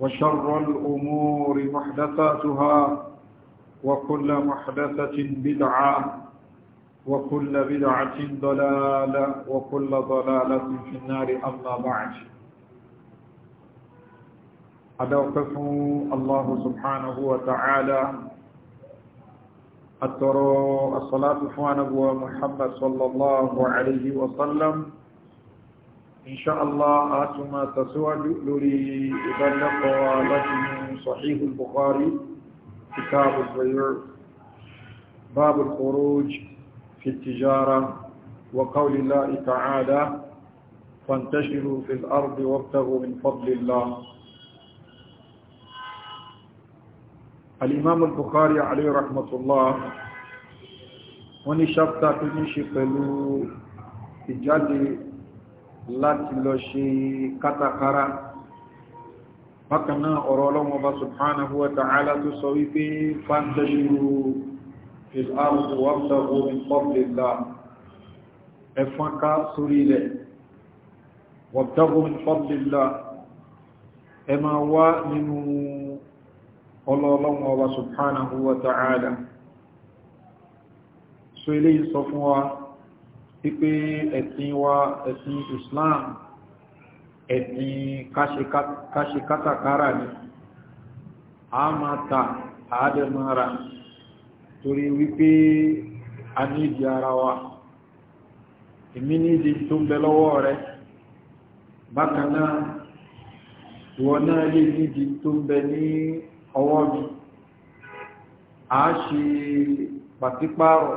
وشر الأمور محدثاتها وكل محدثة بدعة وكل بدعة ضلالة وكل ضلالة في النار أما بعد أدوقف الله سبحانه وتعالى أترى الصلاة فوانه محمد صلى الله عليه وسلم ان شاء الله اتما تسوى إذا بلغ لكم صحيح البخاري كتاب البيع باب الخروج في التجاره وقول الله تعالى فانتشروا في الارض وابتغوا من فضل الله الامام البخاري عليه رحمه الله ونشبت في شيء قالوا الجدي láti lọ ṣe kátàkárá bákanáà ọ̀rọ̀ ọlọ́wọ́ bá subhanahu wa ta'ala tó sọ wípé fantashiru fil ardi wabtaghu min fadlillah ẹ̀fọ́nká sórí ilẹ̀ wabtaghu min fadlillah ẹ máa ta'ala so ilé yìí sọ fún wa pípé ẹ̀sìn wa ẹ̀sìn Islam ẹ̀sìn káṣe kátàkárà ni a máa ta àádẹ́mọ́ra torí wípé a ní ìdí ara wa èmi ní ìdí tó ń bẹ lọ́wọ́ rẹ bákan náà ìwọ náà lè ní ìdí tó ń bẹ ní ọwọ́ mi a ṣe pàtípààrọ̀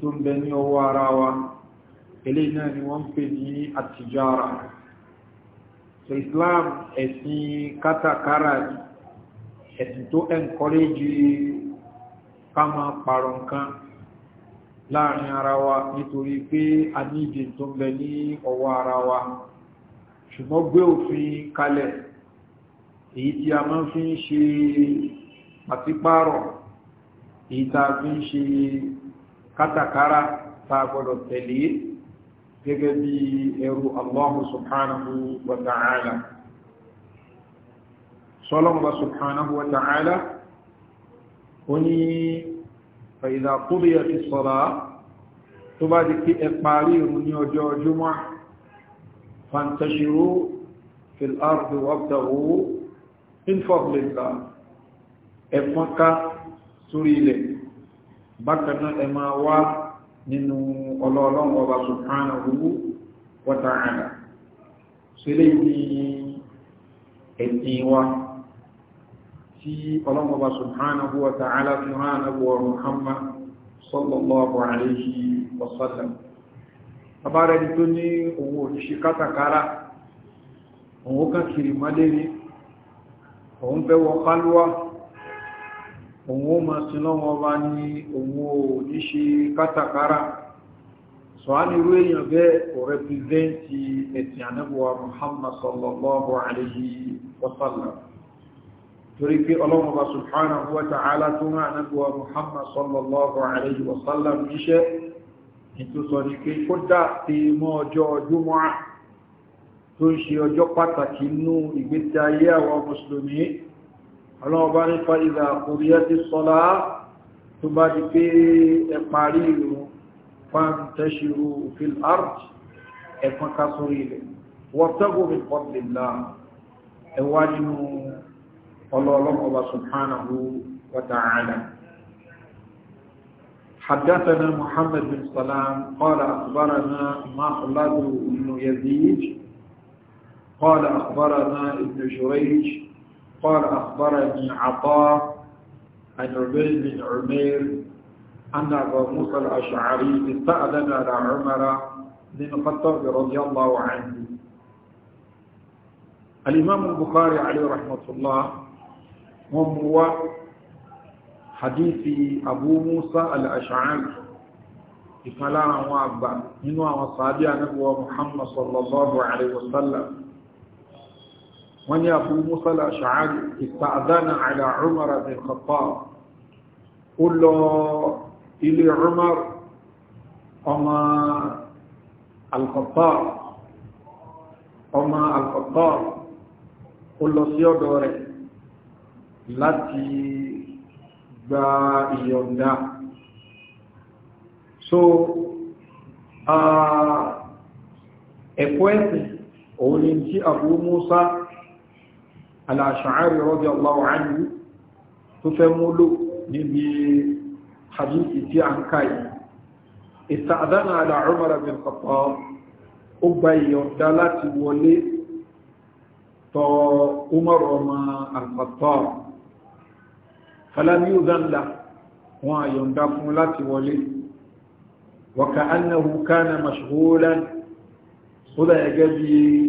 tó ń bẹ ní ọwọ́ ara wa eléyìí náà ni wọ́n ń pè ní àtijọ́ra so Islam ẹ̀sìn kátàkárà ẹ̀sìn tó ẹ̀ǹkọ́rẹ́jì ká máa pààrọ̀ nǹkan láàrin ara wa nítorí pé a ní ìdí tó ń bẹ ní ọwọ́ ara wa ṣùgbọ́n gbé òfin kalẹ̀ èyí tí a máa fi ń ṣe àtipárọ̀ èyí tá a fi ń ṣe kátàkárà tá a gbọ́dọ̀ tẹ̀lé gẹ́gẹ́ bí ẹrú Allahu subhanahu wa ta'ala sọlọ́mọba subhanahu wa ta'ala ó ní fàyídà kúrìyà ti sọ̀rọ̀ tó bá di kí ẹ parí ìrun ní ọjọ́ ọjọ́mọ́ fantashiru fil ardi wabtahu min fadlillah ẹ̀fọ́nká sórí ilẹ̀ bákanáà ẹ máa wá nínú ọlọ́ọ̀lọ́run ọba subhanahu wa ta'ala sílé ní ẹ̀sìn wa tí ọlọ́run ọba subhanahu wa ta'ala fi hàn àbúwọ̀ Muhammad sallallahu alayhi wa sallam abára ẹni tó ní òun òṣìṣẹ́ kátàkárá òun kàn kiri òun fẹ́ wọ òun ó máa sin lọ́wọ́ ọba ní òun ò ní ṣe kátàkárà sọ́hánirú èèyàn bẹ́ẹ̀ kò rẹpìzẹ́ntì ẹ̀sìn ànábùwà Muhammad sallallahu alayhi wa sallam torí pé ọlọ́run ọba subhanahu wa ta'ala tó rán ànábùwà Muhammad sallallahu alayhi wa sallam níṣẹ́ ìtòsọ̀ ní pé kó dá ti mọ́ ọjọ́ ọjọ́mọ́ tó ń ṣe ọjọ́ pàtàkì nínú ìgbésí ayé àwọn mùsùlùmí ọlọ́wọ́ bá ní fa ìlà òríyá ti sọ́lá tó bá di pé ẹ parí ìrùn fàntẹ́ṣirò fil art ẹ̀fọn ká sórí ilẹ̀ wọ́tẹ́gù mi pọ́bìlá ẹwà nínú ọlọ́ọ̀lọ́mọba حدثنا محمد بن سلام قال أخبرنا مخلد بن يزيد قال أخبرنا ابن جريج قال أخبرني عطاء عن عبيد بن عمير أن أبا موسى الأشعري استأذن على عمر بن الخطاب رضي الله عنه الإمام البخاري عليه رحمة الله هو حديث أبو موسى الأشعري إفلا وأبا من وصايا نبوة محمد صلى الله عليه وسلم wọ́n ní Abu Musa al-Ash'ari ista'dhana ala Umar bin Khattab ó lọ ilé Umar ọmọ al-Khattab ọmọ al-Khattab ó lọ sí ọ̀dọ̀ rẹ̀ láti gba ìyọ̀ǹda so ah, ẹ̀kọ́ ẹ̀sìn òun ni tí Abu Musa aláṣàárì radiyallahu anhu tó fẹ́ múlò níbi hadithi tí a ń káyì ìsàdánà ala Umar bin Khattab ó gba ìyọ̀dá láti wọlé tọ Umar ọmọ al-Khattab falamiyuzanla wọn àyọ̀dá fún láti wọlé waka annahu kana mashghulan ó dá ẹgẹ́ bí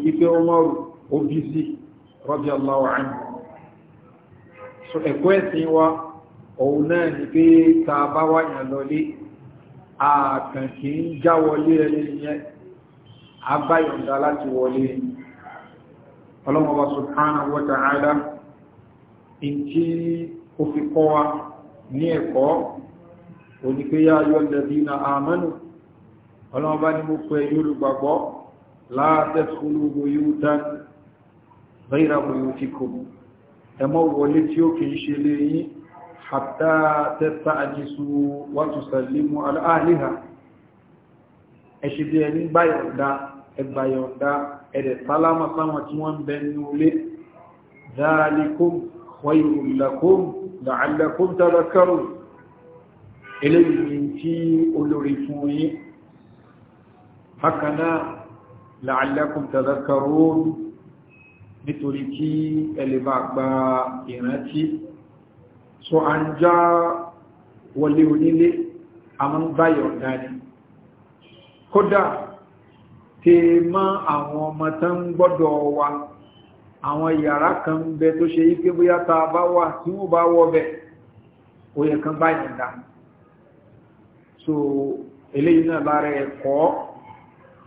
ipé Umar ó bí sí radiyallahu anhu so ẹ̀kọ́ ẹ̀sìn wa òun náà ni pé ta bá wáyàn lọlé ààkàn kì ń já wọlé ẹni yẹn abáyọ̀ndà láti wọlé ọlọ́mọba subhanahu wa ta'ala in tí ó fi kọ́ wa ní ẹ̀kọ́ oníkéyà ayyalladhina amanu ọlọ́mọba ni mo pẹ̀ غير بيوتكم تمول تيوكي شلي حتى تستأنسوا وتسلموا على أهلها أشدي أن بايوندا بايوندا إذا سلام سلام تيوان بنولي ذلكم خير لكم لعلكم تذكرون إليه تي أولوريفوني هكذا لعلكم تذكرون nítorí kí ẹlẹ́bà gba ìrántí so a ń já wọlé onílé a máa ń báyọ̀ dání kódà tí mọ́ àwọn ọmọ tó ń gbọ́dọ̀ wa àwọn yàrá kan bẹ tó ṣe yí bóyá ta bá wà tí wọ́n bá wọ́ bẹ̀ ó kan báyọ̀ dání so eléyìí náà lára ẹ̀kọ́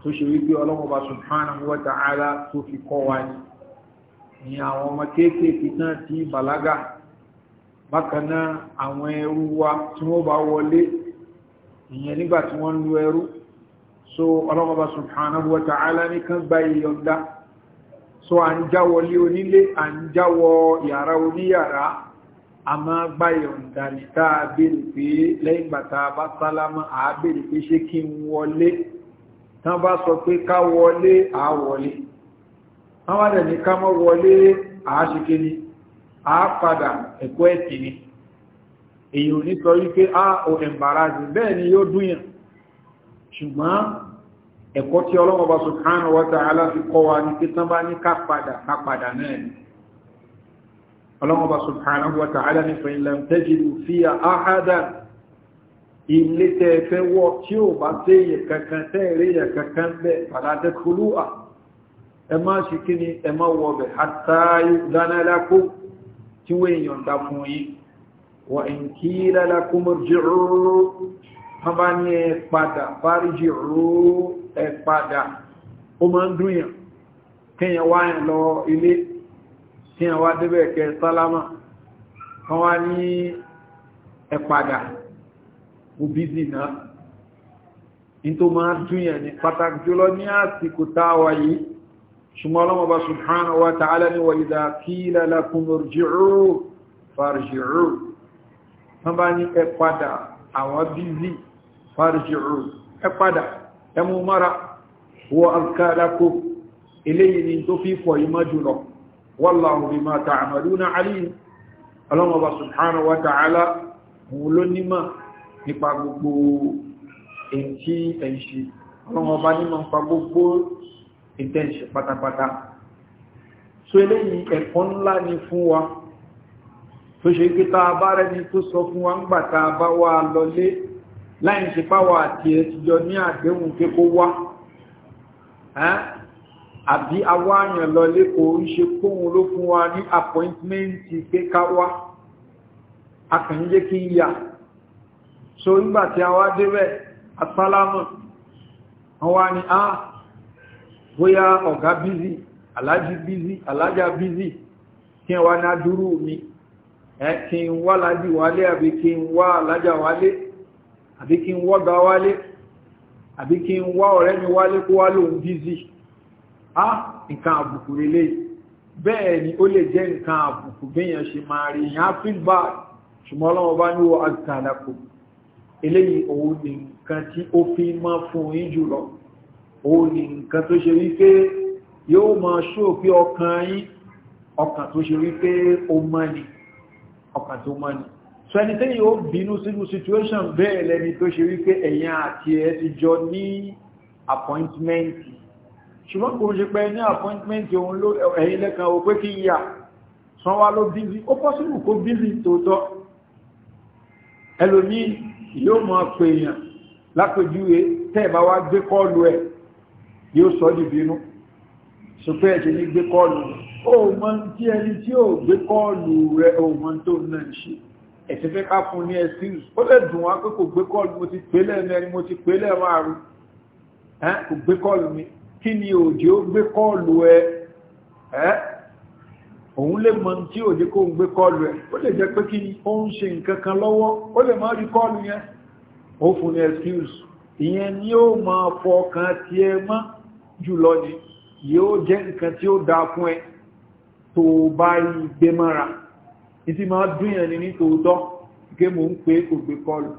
tó ṣe wípé ọlọ́mọba subhanahu wa ta'ala tó fi kọ́ wa ni ni àwọn ọmọ kéékèèké náà ti bàlágà bákan náà àwọn ẹrú wa tí wọ́n bá wọlé ìyẹn nígbà tí wọ́n ń ẹrú so ọlọ́mọba subhanahu wa ta'ala ní kan gba ìyọ̀ǹda so à ń jáwọlé onílé à ń jáwọ yàrá oníyàrá a máa gbá ìyọ̀ǹda ní táa béèrè pé lẹ́yìn bàtà bá sálámà àá béèrè pé ṣé kí n wọlé tán bá sọ pé ká wọlé àá wọlé àwọn àdẹ̀ ní ká mọ́ wọlé àáṣíké ni a padà ẹ̀kọ́ ẹ̀tì ni èyí ò ní sọ wípé a ò ẹ̀mbàrázi bẹ́ẹ̀ ni yóò dúnyàn ṣùgbọ́n ẹ̀kọ́ tí ọlọ́mọba subhanahu wa ta'ala fi tí ò bá tẹ́yẹ kankan tẹ́ẹ̀rẹ́yẹ kankan bẹ́ẹ̀ padà tẹ́kùlú ẹ má ṣe kí ni ẹ má wọ̀bẹ̀ àtàáyù dánálákó tí wọ́n èèyàn dá fún yí wà ń kí lálákó mọ́ jìrò wọ́n bá ní ẹ padà parí jìrò ẹ padà ó máa ń dúnyàn kíyàn wá yàn lọ ilé kíyàn wá débẹ̀ kẹ sálámà wọ́n wá ní ẹ padà òbí dìnnà ní tó máa dúnyàn ní pàtàkì jùlọ ní àsìkò táwa yìí ṣùgbọ́n ọlọ́mọba subhanahu wa ta'ala ni wa idha qila lakum irji'u farji'u wọ́n bá ní ẹ padà àwọn bízí farji'u ẹ padà ẹmú mara wọ alkalaku eléyìí ni tó fi fọ ìmọ́ wallahu bima ta'maluna alim ọlọ́mọba subhanahu wa ta'ala òun ló nímọ̀ nípa gbogbo èyí tí ẹ̀ṣì ọlọ́mọba nímọ̀ nípa gbogbo ìtẹ́ǹṣe pátápátá so eléyìí ẹ̀kọ́ ńlá ni fún wa tó ṣe pé tá a bá rẹni tó sọ fún wa ń gbà tá a bá wà lọlé láì ṣe páwà àti ẹtìjọ ní àdéhùn pé kó wá àbí awáyàn lọlé kò ń ṣe kóhun ló fún wa ní àpọ́ìntmẹ́ǹtì pé ká wá akànjẹ́ kí ń yà so nígbà tí a wá débẹ̀ asálámù wọn wá ní ah, bóyá ọ̀gá bízì alájí bízì alájá bízì kí n wá ní adúrú mi ẹ kí n wá alájí wálé àbí kí n wá alájá wálé àbí kí n wọ́gá wálé àbí kí n wá ọ̀rẹ́ mi wálé kó wá lóun bízì á nǹkan àbùkù relé bẹ́ẹ̀ ni ó lè jẹ́ nǹkan àbùkù béèyàn ṣe máa rí yàn á feel bad ṣùgbọ́n ọlọ́wọ́ bá ní wọ́n àgbàlá kò eléyìí òun nìkan tí ó fi máa fún yín jùlọ òun ni nǹkan tó ṣe wípé yóò máa ṣó pé ọkàn yín ọkàn tó ṣe wípé ó mọ́ni ọkàn tó mọ́ni so ẹni tí yóò bínú sínú situation bẹ́ẹ̀ lẹ́ni tó ṣe wípé ẹ̀yin àti ẹ̀ ti jọ ní appointment ṣùgbọ́n kò ṣe pé ní appointment òun ló ẹ̀yin lẹ́kan o pé kí n yà san wá ló bízí ó pọ́sílù kó bízí tòótọ́ ẹlòmíì yóò máa pèèyàn lápèjúwe tẹ́ẹ̀ bá wá gbé kọ́ọ̀lù ẹ̀ yóò sọ di bínú ṣùgbọ́n ẹ̀ṣẹ̀ ní gbé kọlù ó mọ́ tí ẹni tí ó gbé kọlù rẹ̀ ó mọ́ tó náà ń ṣe ẹ̀ṣẹ̀ fẹ́ ká fún ní excuse ó lè dùn wá pé kò gbé kọlù mo ti pè lẹ́ẹ̀mẹ́rin mo ti pè lẹ́ẹ̀márùn kò gbé kọlù mi kí ni òjò gbé kọlù ẹ òun lè mọ tí òjò kó ń gbé kọlù ẹ ó lè jẹ́ pé kí ni ó ń ṣe nǹkan kan lọ́wọ́ ó lè má rí kọlù yẹn ó fún ní excuse ìyẹn ni ó máa fọkàn tiẹ̀ mọ́ jùlọ ni yóò jẹ́ nǹkan tí ó dá fún ẹ tó bá gbé mọ́ra ìtí máa dúnyàn ní ní tòótọ́ gé mò ń pé kò gbé kọlù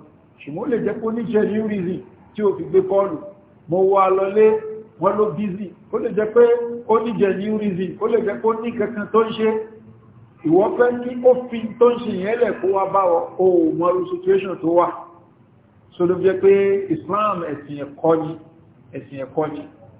ṣùgbọ́n lè jẹ́ kó níṣẹ́ ní rízì tí ó fi gbé kọlù mo wà lọlé wọ́n ló bízì ó lè jẹ́ pé ó níjẹ̀ ní rízì ó lè jẹ́ kó ní kankan tó ń ṣe ìwọ fẹ́ kí ó fi tó ń ṣe yẹn lẹ̀ kó wá báwọ̀ ohun mọ́rú situation tó wà so ló jẹ́ pé Islam ẹ̀sìn ẹ̀kọ́ ni ẹ̀sìn ẹ̀kọ́ ni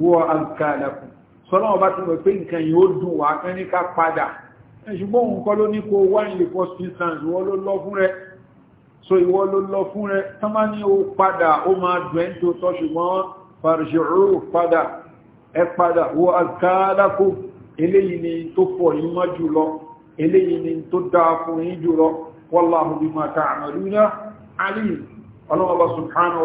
wọ àgbàdàkùn sọ́lọ́wọ́ bá ti mọ̀ pé nǹkan yìí ó dùn wá kán ní ká padà ṣùgbọ́n òun kọ́ ló ní kó wá ilé for instance ìwọ ló lọ fún rẹ so ìwọ ló lọ fún rẹ tán má ní ó padà ó máa dùn tó tọ́ ṣùgbọ́n farjuru padà ẹ ọlọ́wọ́ bá subhanahu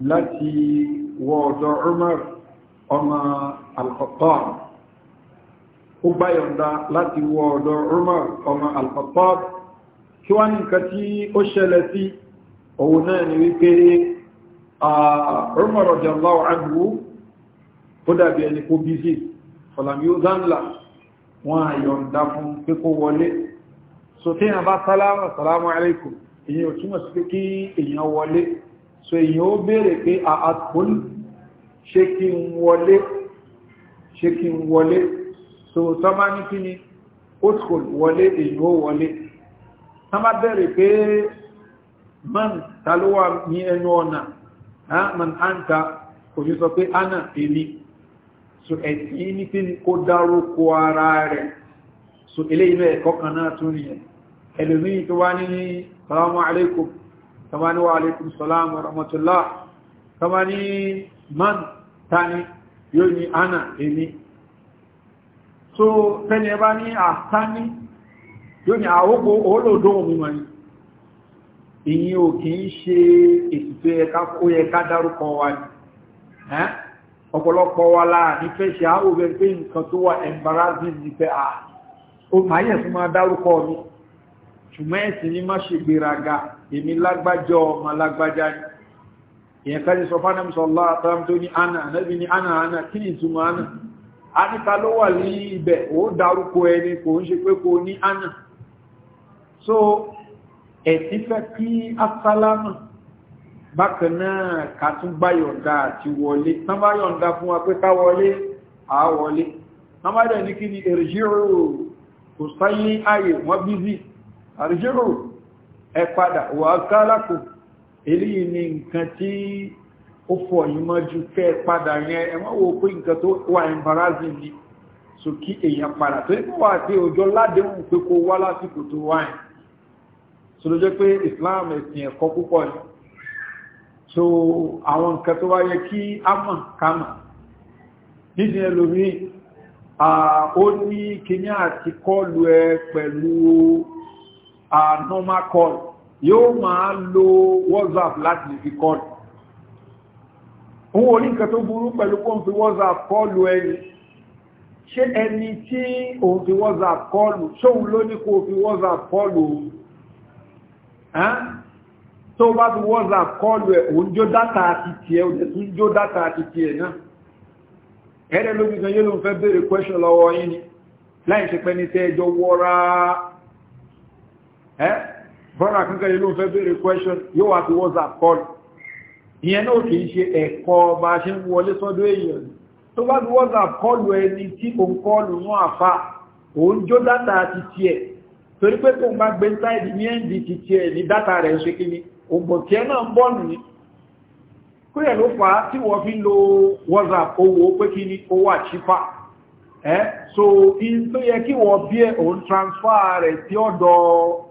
láti wọ ọ̀dọ̀ Umar ọmọ Al-Khattab ó báyọ̀nda láti wọ ọ̀dọ̀ Umar ọmọ Al-Khattab kí wá ní nǹkan tí ó ṣẹlẹ̀ sí òun náà ni wípé Umar radiyallahu anhu ó dàbí ẹni kó bízì fọ̀làmí ó dánlá wọ́n àyọ̀nda fún pé kó wọlé so tí a bá sálámà sálámà alaikum èyí ò túnmọ̀ sí pé kí èyàn wọlé so èyàn ó béèrè pé àtún ṣe kí n wọlé ṣe kí n wọlé so tọ́má ní kí ni otkul wọlé èyàn ó wọlé tọ́má béèrè pé man talówà ní ẹnu ọ̀nà man anta òjú sọ pé ana èmi so ẹ̀sìn ní kí ni kó dárúkọ ara rẹ̀ so eléyìí bẹ́ẹ̀ kọ́kànnà tún nìyẹn ẹlòmíì tó wá ní salamu alaikum kama ni wa alaikum salam wa rahmatullah kama ni man tani yóò ní ana èmi so tẹ́ni ẹbá ní àtání yóò ní àwọ́gbò olóòdó omi mọ̀ ní ìyìn ò kì í ṣe ètùtù ẹka ó yẹ ká dárúkọ wa ní ọ̀pọ̀lọpọ̀ wa láà ní fẹ́ ṣe àwọ̀ bẹ́ẹ̀ pé nǹkan tó wà embarrassing ní pé à ó máa yẹ̀ fún máa dárúkọ mi ṣùgbọ́n ẹ̀sìn ní má ṣe gbéraga èmi lágbájọ́ ọmọ lágbájá ní ìyẹn ká ti sọ fánàmì sọlá àtàràm tó ní àná ànábì ní ana. àná kí ni ìtumọ̀ àná àníta ló wà ní ibẹ̀ ó dárúkọ ẹni kò ń ṣe pé kò ní àná so ẹ̀sìn fẹ́ kí asálámà bákan náà ká tún báyọ̀ǹda àti wọlé tán báyọ̀ǹda fún wa pé ká wọlé à wọlé tán báyọ̀ ní kí ni èrìṣírò kò sáyé ààyè wọ́n bízì àríjírò ẹ padà wà kálàkù eléyìí ni nǹkan tí ó fọ ìmọ̀ ju kẹ́ padà yẹn ẹ wo pé nǹkan tó wà embarrassing ni so kí èèyàn padà tó nípa wà pé òjò ládéhùn pé kó wá lásìkò tó wáyìn so ló jẹ́ pé Islam ẹ̀sìn ẹ̀kọ́ púpọ̀ ni so àwọn nǹkan tó wáyé kí a mọ̀ ká mọ̀ nídìí ẹlòmíì ó ní kíní àti kọlu ẹ pẹ̀lú a normal call yóò máa lo whatsapp láti lè fi call òun orí nǹkan tó burú pẹ̀lú kó ń fi whatsapp call ẹni ṣé ẹni tí òun fi whatsapp call ṣóun ló ní kó fi whatsapp call. òun tó bá fi whatsapp call ẹ̀ òun jó dátà àti tiẹ̀ òun tún jó dátà àti tiẹ̀ náà ẹ̀rẹ́ lóbi kan yóò lóun fẹ́ béèrè question lọ́wọ́ yín ni láì ṣe pẹ́ni tẹ́ ẹjọ́ wọ́ra bọ́nà kankan yìí ló ń fẹ́ bèèrè question yóò wá sí whatsapp call ìyẹn náà kì í ṣe ẹ̀kọ́ bá ṣe ń wọlé sọ́dọ̀ èèyàn tó bá sí whatsapp call ẹni tí kò ń kọlù wọn àfa òun jó dátà ti tiẹ̀ torí pé tó ń bá gbé sáìdì ní ẹ́ǹdì ti tiẹ̀ ní dátà rẹ̀ ṣe kí ni ògbò tiẹ̀ náà ń bọ̀ nù ní kó yẹ ló fà á tí wọ́n fi ń lo whatsapp owó pé kí ni owó àṣìfà ẹ́ eh? so in tó yẹ kí wọ́n bí ẹ̀ òun transfer rẹ̀ sí ọ̀dọ̀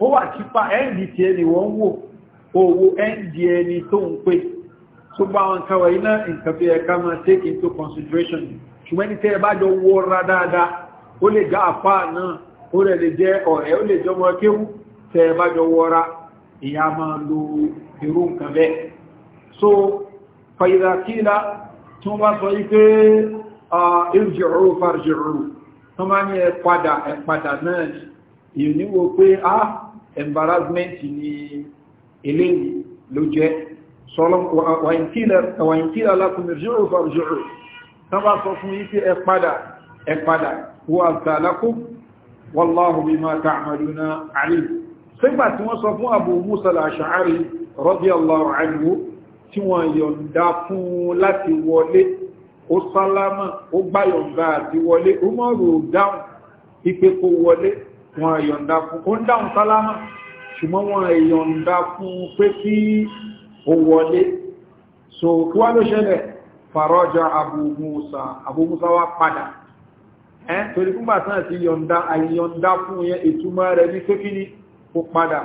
ó wà kípa ẹ́ndì tí ẹni wọ́n wò owó ẹ́ndì ẹni tó ń pè tó bá wọn kawà iná nǹkan bí ẹka máa take into consideration ṣùgbọ́n ní tẹ́ ẹ bá jọ wó ra dáadáa ó lè já àpá náà ó rẹ̀ lè jẹ́ ọ̀rẹ́ ó lè jọ mọ́ kéwú tẹ́ ẹ bá jọ wó ra ìyá máa lo irú nǹkan bẹ́ẹ̀ so fàyílákílá tí wọ́n bá sọ yí pé irjìrò farjìrò tó máa ní ẹ padà ẹ padà náà èyí níwò pé ah embarrassment ni eléyìí ló jẹ́ wàyíkílẹ̀ alákùnmìrìjúrò fàrìjúrò tán bá sọ fún yípe ẹ padà ẹ padà wà tààlákùn wàláhù bí máa tààmàlúna àríwá sígbà tí wọ́n sọ fún Abu Musa al-Ash'ari radiyallahu anhu tí wọ́n yọ̀ǹda fún láti wọlé ó sálámà ó gbáyọ̀ǹda àti wọlé ó mọ́rò dáhùn ipé kó wọlé wọn yọ̀ǹda fún ó ń dáhùn sálámà ṣùgbọ́n wọn yọ̀ǹda fún pé kí ó wọlé so kí wá ló ṣẹlẹ̀ faraja Abu Musa Abu Musa wá padà ẹ́ torí fún bàtán àti yọ̀ǹda àyọ̀ǹda fún yẹn ìtumọ̀ rẹ̀ ní pé kí ni ó padà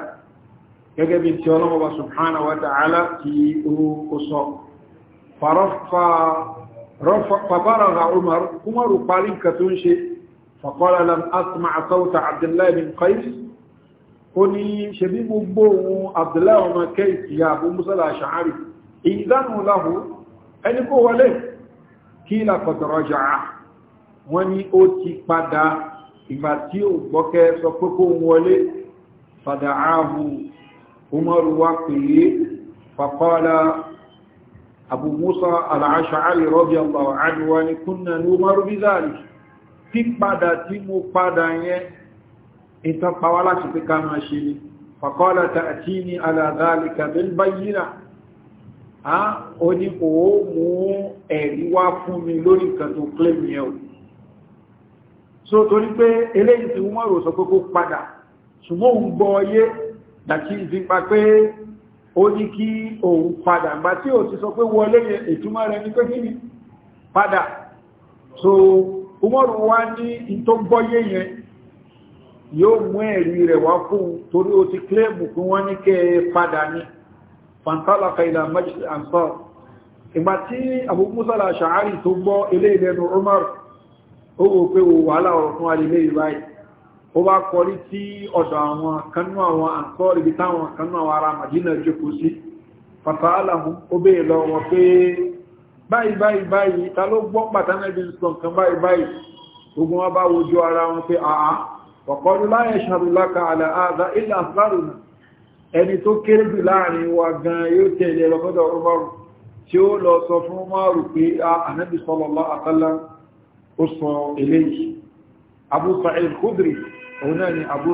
gẹ́gẹ́ bí tí ọlọ́mọba subhanahu wa ta'ala ti ó sọ fàbára ra Umar Umaru parí nǹkan tó ń ṣe فقال لم أسمع صوت عبد الله بن قيس قني شبيب بو عبد الله بن قيس يا أبو موسى الأشعري إذن له أن يقول له كيلا قد رجع وني أوتي قدا إما تيو بوكي سوكوكو ولي فدعاه عمر وقي فقال أبو موسى الأشعري رضي الله عنه وأن كنا نؤمر بذلك pípadà tí mo padà yẹn ìtàn pàwà láti pé ká máa ṣe ni fàkọ́lá tààtí ní aláàdáàlìkà bí báyìí a ó ní òó mú ẹ̀rí wá fún mi lórí nǹkan tó claim yẹn o so torí pé eléyìí tí wọ́n rò sọ pé kó padà ṣùgbọ́n òun gbọ́ ọyé dàtí ìdípa pé ó ní kí òun padà gbà tí ò ti sọ pé wọlé ìtumọ̀ rẹ̀ ní pé kí ni padà so Umaru wá ní ìtò gbọ́yé yẹn yóò mú ẹ̀rí rẹ̀ wá fún torí ó ti kílẹ̀mù kí wọ́n ní kẹ́ padà ní fantalaka ila majlis ansar ìgbà tí Abu Musa al-Ash'ari tó gbọ́ ilé ìlẹ́nu Umar ó wò pé wò wàhálà ọ̀rọ̀ fún alilé ìbáyìí ó bá kọrí sí ọ̀dọ̀ àwọn kanú àwọn ansar ibi táwọn kanú àwọn ará Madina jókòó sí fata'alahum ó bèèrè lọ wọn pé báyìí báyìí báyìí ta ló gbọ́ pàtàkì sọ nǹkan báyìí báyìí ogun wọn bá wojú ara wọn pé àá ọ̀kọ́dún láyẹ̀ ṣàrùláka àlà àdá ilẹ̀ àfárùnà ẹni tó kéré jù láàrin wa gan yóò tẹ̀lé lọ́kọ́dọ̀ ọmọrù tí ó lọ sọ fún márù pé ànábì sọlọ́lọ́ àtàlá ó sọ eléyìí abu sa'id khudri òun náà ni abu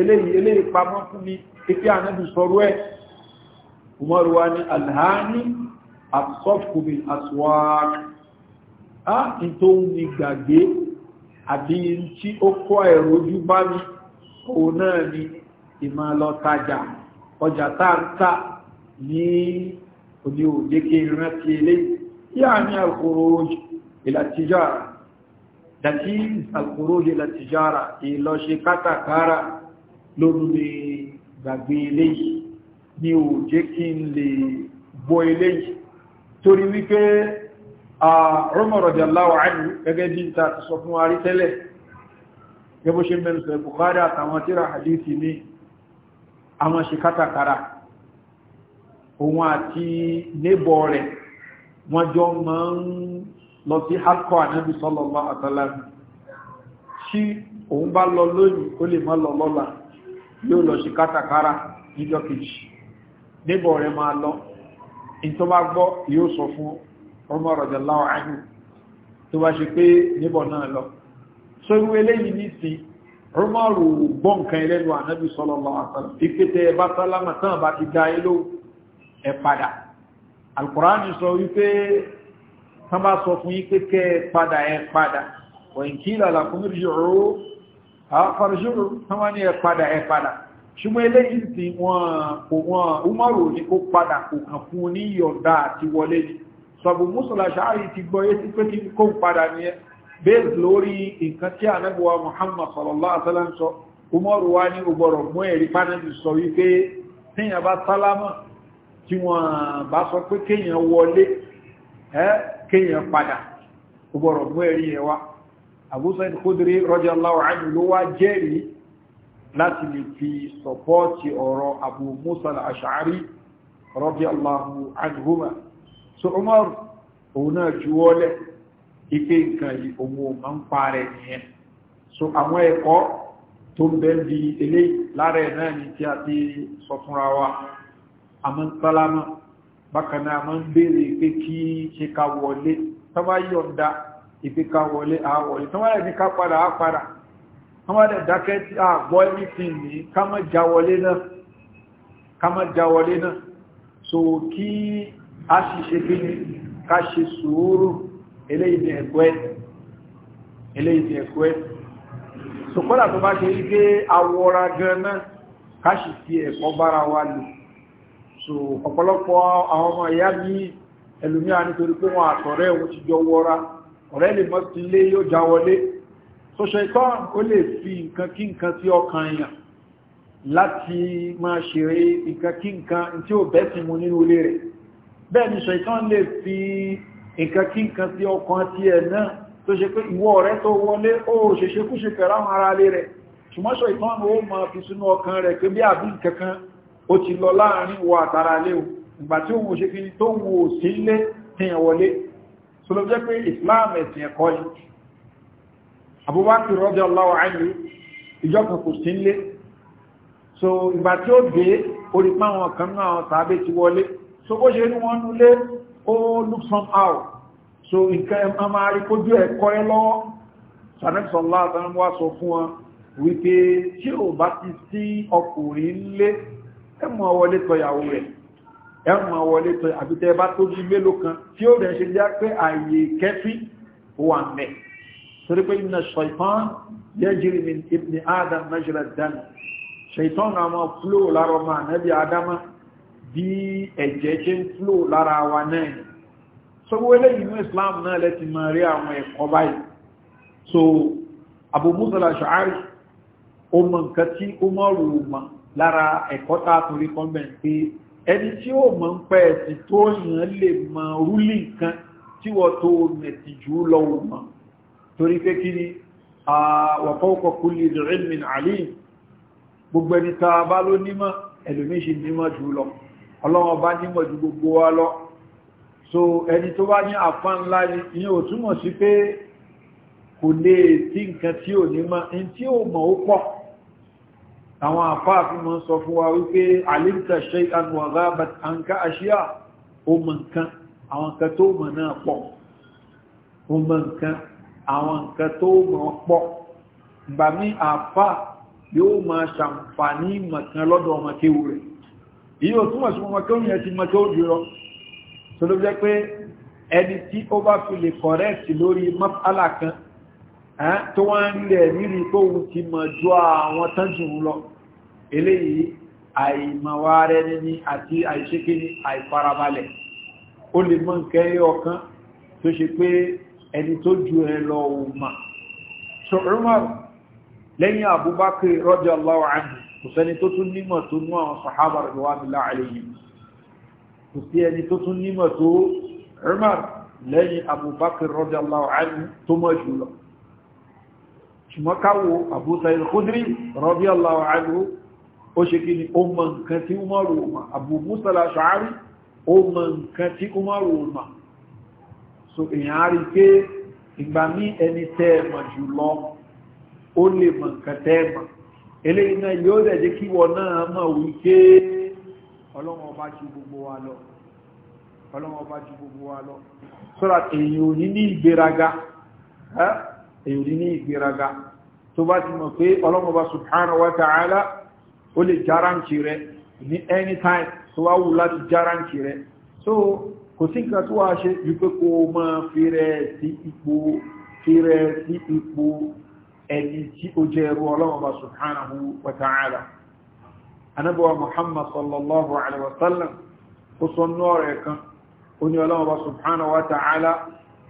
eléyìí eléyìí pamọ́ fún mi pípẹ́ ànábì sọ̀rọ̀ ẹ̀ umaru wa ni alhani asọ́fùbí aswak á ní tó ń ní gbàgbé àbí tí ó kọ́ ẹ̀rọ ojú bá mi òun náà ni ìmọ̀ lọ tajà ọjà táǹtà ní òní òjèké ìrántí eléyìí tí ní al-khuruj ila tijara that is al-khuruj ìlọ́ṣe kátàkárà lórí lè gbàgbé eléyìí ni ò jẹ́ kí n lè gbọ́ eléyìí torí wípé a rọmọrọ̀dì aláwọ̀ àìní gẹ́gẹ́ bí ta ti sọ fún arí tẹ́lẹ̀ gẹ́bó ṣe mẹ́rin Bukhari àtàwọn tíra hadithi ní àwọn ṣe kátàkàrà òun àti nébọ̀ rẹ̀ wọ́n jọ bá lọ lónìí ó lè má lọ lọ́la yóò lọ sí kátàkárà níjọ́ kejì níbọ̀ rẹ̀ máa lọ in tó bá gbọ́ yóò sọ fún ọmọ radiyallahu anhu tó bá ṣe pé níbọ̀ náà lọ sórú eléyìí nísìn rọmọrù gbọ́ nǹkan ẹlẹ́nu ànábì sallallahu alaihi wasallam ìpètè ẹ̀bá sálámà tán bá ti dá ilé ẹ̀ padà alkùránì wọ̀nyí kí ìlàlà fún rí ọ̀rọ̀ àfàrṣòrò tán wá ní ẹ̀padà ẹ̀padà ṣùgbọ́n eléyìí tí wọ́n kò wọ́n umaru ní kó padà kò kàn fún ní yọ̀dá àti wọlé ní sọ̀bù mùsùlá ṣáàrí ti gbọ́ yé pé kí kó padà ní ẹ bẹ́ẹ̀ lórí nǹkan tí ànábùwà muhammad sallallahu alaihi wasallam sọ umaru wá ní ọgbọ̀rọ̀ mú ẹ̀rí pánẹ́lì sọ wípé tíyàn bá sálámà tí wọ́n bá sọ pé kéèyàn wọlé kéèyàn padà Abu Sa'id Khudri radiyallahu anhu ló wá jẹ́rìí láti lè fi sọ̀pọ́ọ̀tì ọ̀rọ̀ Abu Musa al-Ash'ari radiyallahu anhuma so Umar òun náà juwọ́lẹ̀ ipé nǹkan yìí òun ò máa ń parẹ́ nìyẹn so àwọn ẹ̀kọ́ tó ń bẹ́ bí ilé lára ẹ̀ náà ni tí a ti sọ fúnra wa àmọ́ sálámà bákan náà máa ń béèrè pé kí ṣe ká wọlé tọ́bá yọ̀ǹda ìpíká wọlé àwọlé tó wọ́n ní ká padà á padà wọ́n dẹ̀ dákẹ́ tí a gbọ́ anything ní ká má já wọlé náà so kí a ṣiṣẹ́ bí ní ká ṣe sùúrù eléyìí ẹ̀kọ́ ẹ̀ eléyìí ẹ̀kọ́ ẹ̀ so kọ́lá tó bá ṣe rí pé awọra gan náà ká sì fi ẹ̀kọ́ bára wa lò so ọ̀pọ̀lọpọ̀ àwọn ọmọ ìyá mi ẹlòmíà nítorí pé wọn àtọ̀rẹ́ òun ọ̀rẹ́ lè mọ́ sí ilé yóò já wọlé sọ́ṣọ́ ìtọ́ ó lè fi nǹkan kí nǹkan tí ọkàn èèyàn láti máa ṣeré nǹkan kí nǹkan tí ó bẹ́ sí mu nínú ilé rẹ̀ bẹ́ẹ̀ ni ṣọ̀ìtàn lè fi nǹkan kí nǹkan tí ọkàn ti ẹ̀ náà tó ṣe pé ìwọ ọ̀rẹ́ tó wọlé ó ṣeṣe kú ṣe pẹ̀lú àwọn ará rẹ̀ ṣùgbọ́n ṣọ̀ìtàn ó máa fi sínú ọkàn rẹ̀ pé bí àbí nǹkan kan ó ti lọ láàrin wọ àtàrà ilé o ìgbà tí òun ò ṣe kí ni tó sí ilé tí ẹ̀ wọlé so ló jẹ́ pé islam ẹ̀sìn ẹ̀kọ́ ni abubakar radiyallahu anhu ìjọ kan kò sí nílé so ìgbà tí ó dé orí páwọn kan náà tàbí ti wọlé so ó ṣe ní wọn nulé ó look somehow so nǹkan ẹ̀ máa rí kójú ẹ̀kọ́ ẹ lọ́wọ́ sanẹ́sọ̀lá àtàwọn wá sọ fún wọn wípé tí ò bá ti sí ọkùnrin lé ẹ̀mọ́ wọlé tọyàwó rẹ̀ ẹmọ wọlé tó àbítẹ́ bá tó bí mélòó kan tí ó rẹ̀ ṣe jẹ́ pé ààyè kẹfí wà mẹ́ torí pé iná ṣọ̀ìtán yajri min ibni adam majra ad-dam ṣọ̀ìtán náà mọ́ fló lára ọmọ ànẹ́bí adama bí ẹ̀jẹ̀ ṣe ń fló lára wa náà sọ́wọ́ eléyìí ní islam náà lẹ́ti máa rí àwọn ẹ̀kọ́ báyìí ẹni tí ó mọ̀ ń pẹ́ ẹ̀sì tó yàn lè mọ̀ rúlì nǹkan tí wọ́n tó mẹ̀tì jù lọ́wọ́ mọ̀ torí pé kí ni àwọ̀fọ́ kọkù lè rẹ̀mìn àlè gbogbo ẹni ta bá ló nímọ̀ ẹlòmíṣì nímọ̀ jù lọ ọlọ́wọ́n bá nímọ̀ ju gbogbo wa lọ so ẹni tó bá ní àfá ńlá ni ìyẹn ò túmọ̀ sí pé kò lè tí nǹkan tí ò nímọ̀ àwọn àfáà fi mọ́ sọ fún wa wípé alimta shay'an wa ghabat anka ashiya ó mọ̀ nǹkan àwọn nǹkan tó mọ̀ náà pọ̀ ó mọ̀ nǹkan àwọn nǹkan tó mọ̀ pọ̀ gbà mí àfáà yóò máa ṣàǹfààní mọ̀kan lọ́dọ̀ ọmọ rẹ̀ èyí ò túnmọ̀ sí ọmọ yẹn ti mọ̀ jùlọ tó ló jẹ́ pé ẹni tí ó bá fi lè kọ̀rẹ́ẹ̀tì lórí mọ́sálà tó wá ń rẹ̀ nílì pé òun ti mọ̀ ju àwọn tán jù ń lọ eléyìí àìmọ̀wá rẹ̀ níní àti àìṣékè ní àìfarabalẹ̀ ó lè mọ́ nǹkan ẹyọ kan tó ṣe pé ẹni tó ju ẹ lọ òun so Umar lẹ́yìn Abubakar radiyallahu anhu kò sẹ́ni tó tún nímọ̀ tó nú àwọn sàhábà radiyallahu alayhim kò sí ẹni tó tún nímọ̀ tó Umar lẹ́yìn Abubakar radiyallahu anhu tó mọ̀ jùlọ ṣùgbọ́n káwo Abu Sa'id Khudri radiyallahu anhu ó ṣe kí ni ó mọ nǹkan tí Umaru ma Abu Musa al-Ash'ari ó mọ nǹkan tí Umaru ma so èèyàn á rí pé ìgbà ní ẹni tẹ́ ẹ mọ̀ jù lọ ó lè mọ̀ nǹkan tẹ́ ẹ ọlọ́run ọba ju gbogbo wa lọ sọ́ra èèyàn ò ní ìgbéraga ẹ́ èyí rí ní ìgbéraga tó bá ti mọ̀ pé ọlọ́mọba subhanahu wa ta'ala ó lè járáǹkì rẹ ní anytime tó wá wù láti járáǹkì rẹ so kò sí nǹkan tó wá ṣe ju pé kó máa fi rẹ sí ipò fi rẹ sí ipò ẹni tí ó jẹ ẹrú ọlọ́mọba subhanahu wa ta'ala anabuwa muhammad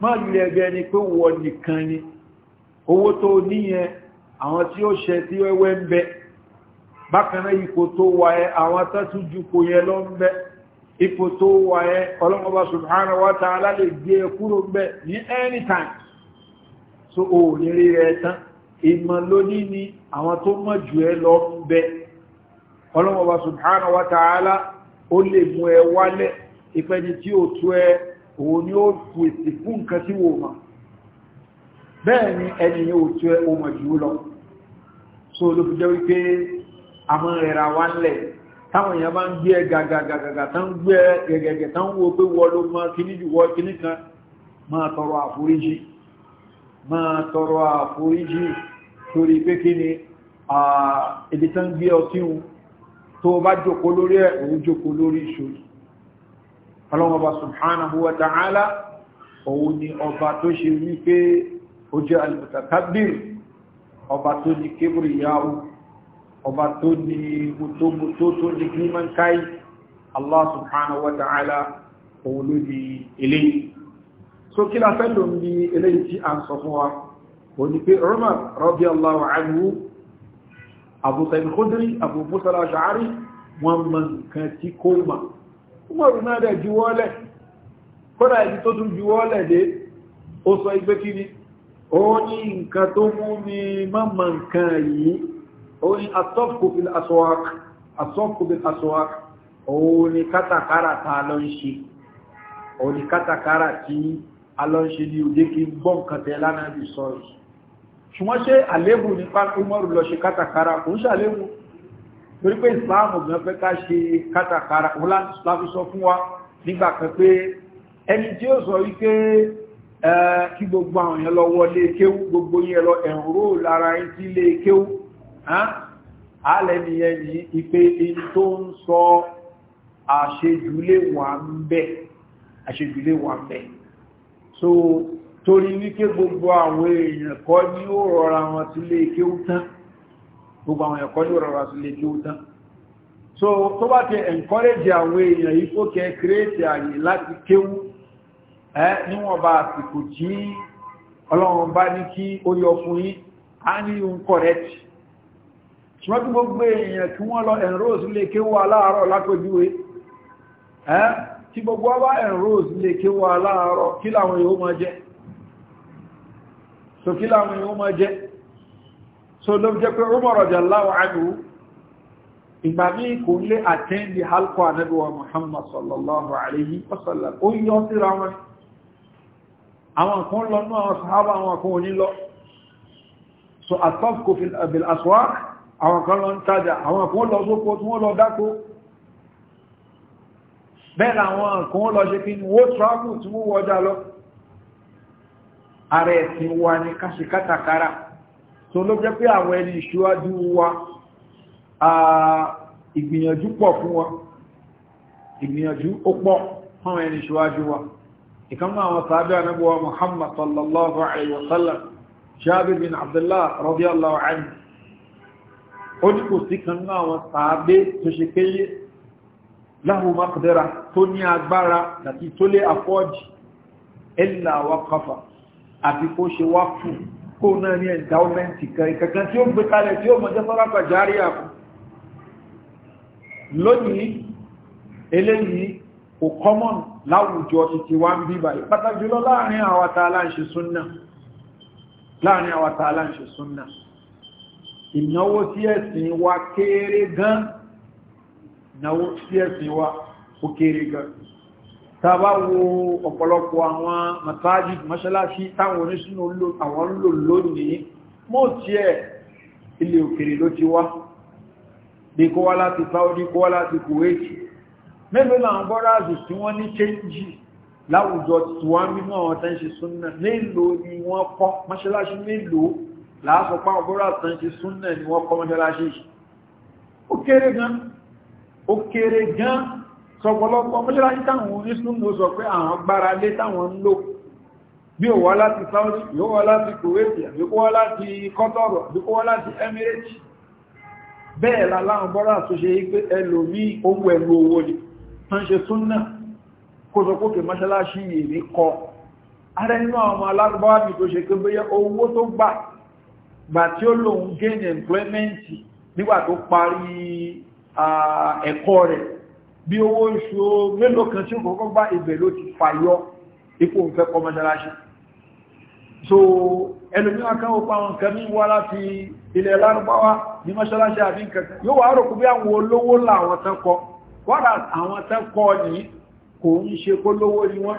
má lè ẹgbẹ́ ni pé wọ nìkan ni owó tó níyẹn àwọn tí ó ṣẹ tí wẹ́wẹ́ ń bẹ bákaná ipò tó wà ẹ àwọn tẹ́tù ju kò yẹ lọ ń bẹ ipò tó wà ẹ ọlọ́mọba subhanahu wa ta'ala lè gbé ẹ e kúrò ń bẹ ní anytime so o ní rí rẹ tán ìmọ̀ lóní ni àwọn tó mọ̀ jù ẹ lọ ń bẹ ọlọ́mọba subhanahu wa ta'ala ó lè mú ẹ wálẹ̀ ìpẹni tí ó tú ẹ òun ni ó pèsè fún nǹkan tí wò mọ̀ bẹ́ẹ̀ ni ẹni yóò tó ẹ ọmọ jù lọ so ló fi jẹ́ wípé àwọn ìrẹ̀ra wá ńlẹ̀ táwọn èèyàn bá ń gbé ẹ gàgàgàgàgà tán ń gbé ẹ gẹ̀gẹ̀gẹ̀ tán ń wo pé wọ́n ló mọ kíní jù wọ́n kíní kan máa tọrọ àforíjì máa tọrọ àforíjì torí pé kí ni ibi tán gbé ọtí hun tó bá jòkó lórí ẹ̀ òun jòkó lórí ìṣòro ọlọ́wọ́ba subhanahu wa ta'ala òun ni ọba tó ṣe wípé ó jẹ́ alìmọ̀tàkàbìr ọba tó ní kébùrì yáwó ọba tó ní mútómútó tó ní gímankáì allah subhanahu wa ta'ala òun ló ní eléyìí so kí la fẹ́ lò ń tí a sọ fún wa òun ni pé Umar radiyallahu anhu Abu Sa'id Khudri Abu Musa al-Ash'ari wọ́n mọ̀ nǹkan tí kò mọ̀ umaru náà dẹ̀ juwọ́lẹ̀ kódà ibi tó tún juwọ́lẹ̀ dé ó sọ igbé kí ni ó ní nǹkan tó mú mi mọ́mọ̀ nǹkan yìí ó ní asọ́fkùfil asọ́wák asọ́fkùfil asọ́wák ni kátàkárà tá a lọ ń ṣe òun ni kátàkárà tí a lọ ń ṣe ní òde kí n gbọ́ nǹkan tẹ lánàá bí sọ́ọ̀rì ṣùgbọ́n ṣé àlébù nípa umaru lọ ṣe torí pé ìsìláàmù gan pé ká ṣe kátàkárà ọláńtì ìsìláàmù sọ fún wa nígbà kan pé ẹni tí ó sọ wípé kí gbogbo àwọn yẹn lọ wọlé kéwú gbogbo yẹn lọ ẹ̀rọ lára ẹ̀ sí ilé kéwú alẹ́ni yẹn ní ipe in tó ń sọ àṣejúlé wà ń bẹ̀ so torí wípé gbogbo àwọn èèyàn kọ́ ni ó rọra wọn sílé kéwú tán gbogbo àwọn ẹ̀kọ́ ní ọ̀rọ̀ àti lè kí ó tán so tó bá ti encourage àwọn èèyàn yìí kó kẹ kírètì àyè láti kéwú ẹ níwọ̀n bá àsìkò tí ọlọ́run bá ní kí ó yọ fún yín á ní ohun correct ṣùgbọ́n tí gbogbo èèyàn tí wọ́n lọ enrose lè kéwú aláàárọ̀ lápèjúwe ẹ tí gbogbo ọba enrose lè kéwú aláàárọ̀ kí làwọn èèyàn ó máa jẹ so kí làwọn èèyàn ó so ló jẹ́ pé Umar radiyallahu anhu ìgbà ní kò ń lé àtẹ́ndì halkọ́ ànẹ́bíwa Muhammad sallallahu alayhi wa sallam ó yọ́ síra wọn àwọn kan lọ ní àwọn sahaba àwọn kan ò ní lọ so atọ́fkò bil aswaq àwọn kan lọ ń tajà àwọn kan lọ sóko tí wọ́n lọ dákó àwọn kan lọ ṣe kí ni wó travel tí wọ́n wọjá lọ ààrẹ ẹ̀sìn wa ni káṣe so ló jẹ́ pé àwọn ẹni ìṣíwájú wa ìgbìyànjú pọ̀ fún wọn ìgbìyànjú ó pọ̀ fún ẹni ìṣíwájú wa ìkánmọ́ àwọn sàábí anábọ̀wà muhammad sallallahu alaihi wasallam ṣáàbí bin abdullah radiyallahu anhu ó ní kò sí kan náà àwọn sàábé tó ṣe pé àti kó ṣe wákùn kó náà ní endowment kan ìkankan tí ó gbé kalẹ̀ tí ó mọ̀ jẹ́ sọ́rápà járí àpò lónìí eléyìí kò common láwùjọ títí wá ń bí báyìí pàtàkì jùlọ láàrin àwàta aláǹṣe súnnà ìnáwó tí ẹ̀sìn wa kéré gan ìnáwó tí ẹ̀sìn wa ó kéré gan tàbá wo ọ̀pọ̀lọpọ̀ àwọn mọ̀tájì mọ́ṣálásí táwọn oníṣínú àwọn lò lónìí mọ́ tí ẹ̀ ilẹ̀ òkèrè ló ti wá bí kó wá láti saudi kó wá láti kuwait mẹ́lú làwọn bọ́ráàzù tí wọ́n ní ṣéjì láwùjọ tuwami náà tán ṣe súnnà mélòó ni wọ́n kọ́ mọ́ṣálásí mélòó láàpọ̀pá bọ́ráàzù tán ṣe súnnà ni wọ́n kọ́ mọ́ṣálásí ó kéré gan ó kéré gan sọ̀pọ̀lọpọ̀ mọ́ṣáláṣí táwọn onísúnmọ́ sọ pé àwọn gbára lé táwọn ń lò bí o wá láti Saudi yóò wá láti Kuwait yóò wá láti Qatar yóò wá láti Emirates bẹ́ẹ̀ láwọn bọ́rá tó ṣe pé ẹlòmí owó ẹ̀lú owó ni tán ṣe súnnà kó sọ kókè mọ́ṣáláṣí èrí kọ ara nínú àwọn alárúbáwá ní tó ṣe pé bóyá owó tó gbà gbà tí ó lòun gain employment nígbà tó parí ẹ̀kọ́ rẹ̀ bí owó oṣù mélòó kan tí ó kọ́kọ́ gbá ibẹ̀ ló ti fàyọ ipò òun fẹ́ so ẹlòmíràn kan ó pa àwọn nǹkan ní wá láti ilẹ̀ lárúbáwá ní mọ́ṣáláṣí àbí nǹkan yóò wá rò kó bí àwọn olówó làwọn tán kọ́ wọ́n àwọn tán ní kò ń ṣe kó lówó ni wọ́n